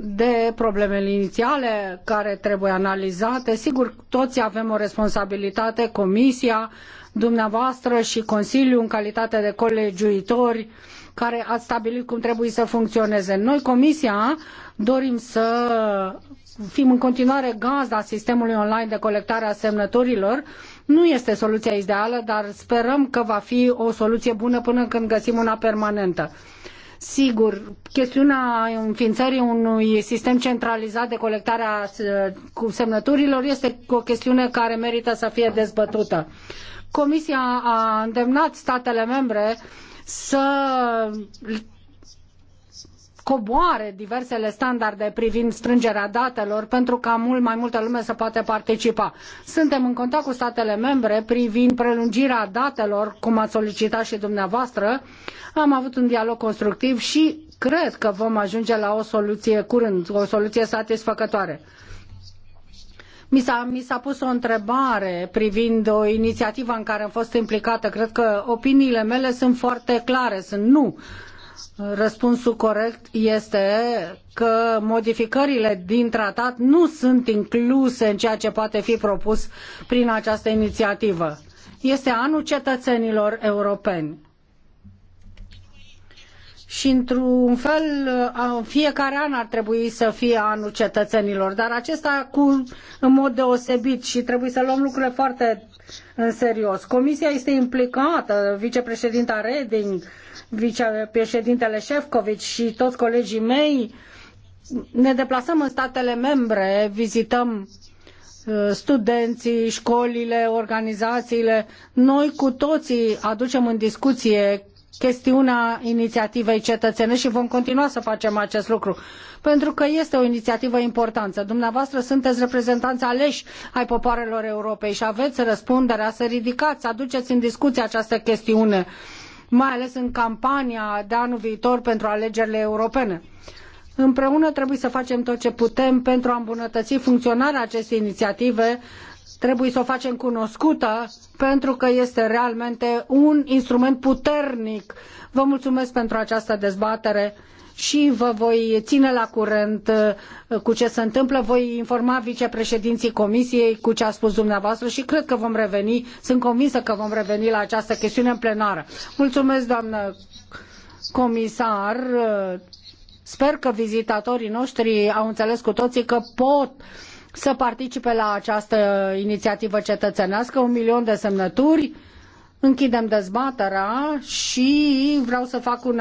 de problemele inițiale care trebuie analizate. Sigur, toți avem o responsabilitate, Comisia, dumneavoastră și Consiliul în calitate de colegiuitori care ați stabilit cum trebuie să funcționeze. Noi, Comisia, dorim să fim în continuare gazda sistemului online de colectare a semnăturilor. Nu este soluția ideală, dar sperăm că va fi o soluție bună până când găsim una permanentă. Sigur, chestiunea înființării unui sistem centralizat de colectare a semnăturilor este o chestiune care merită să fie dezbătută. Comisia a îndemnat statele membre să coboare diversele standarde privind strângerea datelor pentru ca mult mai multă lume să poată participa. Suntem în contact cu statele membre privind prelungirea datelor, cum a solicitat și dumneavoastră. Am avut un dialog constructiv și cred că vom ajunge la o soluție curând, o soluție satisfăcătoare. Mi s-a, mi s-a pus o întrebare privind o inițiativă în care am fost implicată. Cred că opiniile mele sunt foarte clare, sunt nu Răspunsul corect este că modificările din tratat nu sunt incluse în ceea ce poate fi propus prin această inițiativă. Este anul cetățenilor europeni. Și într-un fel, fiecare an ar trebui să fie anul cetățenilor, dar acesta cu, în mod deosebit și trebuie să luăm lucrurile foarte în serios. Comisia este implicată, vicepreședinta Reding, uh, vicepreședintele Șefcovici și toți colegii mei, ne deplasăm în statele membre, vizităm uh, studenții, școlile, organizațiile. Noi cu toții aducem în discuție chestiunea inițiativei cetățenești și vom continua să facem acest lucru, pentru că este o inițiativă importantă. Dumneavoastră sunteți reprezentanți aleși ai popoarelor Europei și aveți răspunderea să ridicați, să aduceți în discuție această chestiune. Uh, mai ales în campania de anul viitor pentru alegerile europene. Împreună trebuie să facem tot ce putem pentru a îmbunătăți funcționarea acestei inițiative. Trebuie să o facem cunoscută pentru că este realmente un instrument puternic. Vă mulțumesc pentru această dezbatere și vă voi ține la curent uh, cu ce se întâmplă. Voi informa vicepreședinții comisiei cu ce a spus dumneavoastră și cred că vom reveni, sunt convinsă că vom reveni la această chestiune în plenară. Mulțumesc, doamnă comisar. Uh, sper că vizitatorii noștri au înțeles cu toții că pot să participe la această inițiativă cetățenească, un milion de semnături. Închidem dezbaterea și vreau să fac un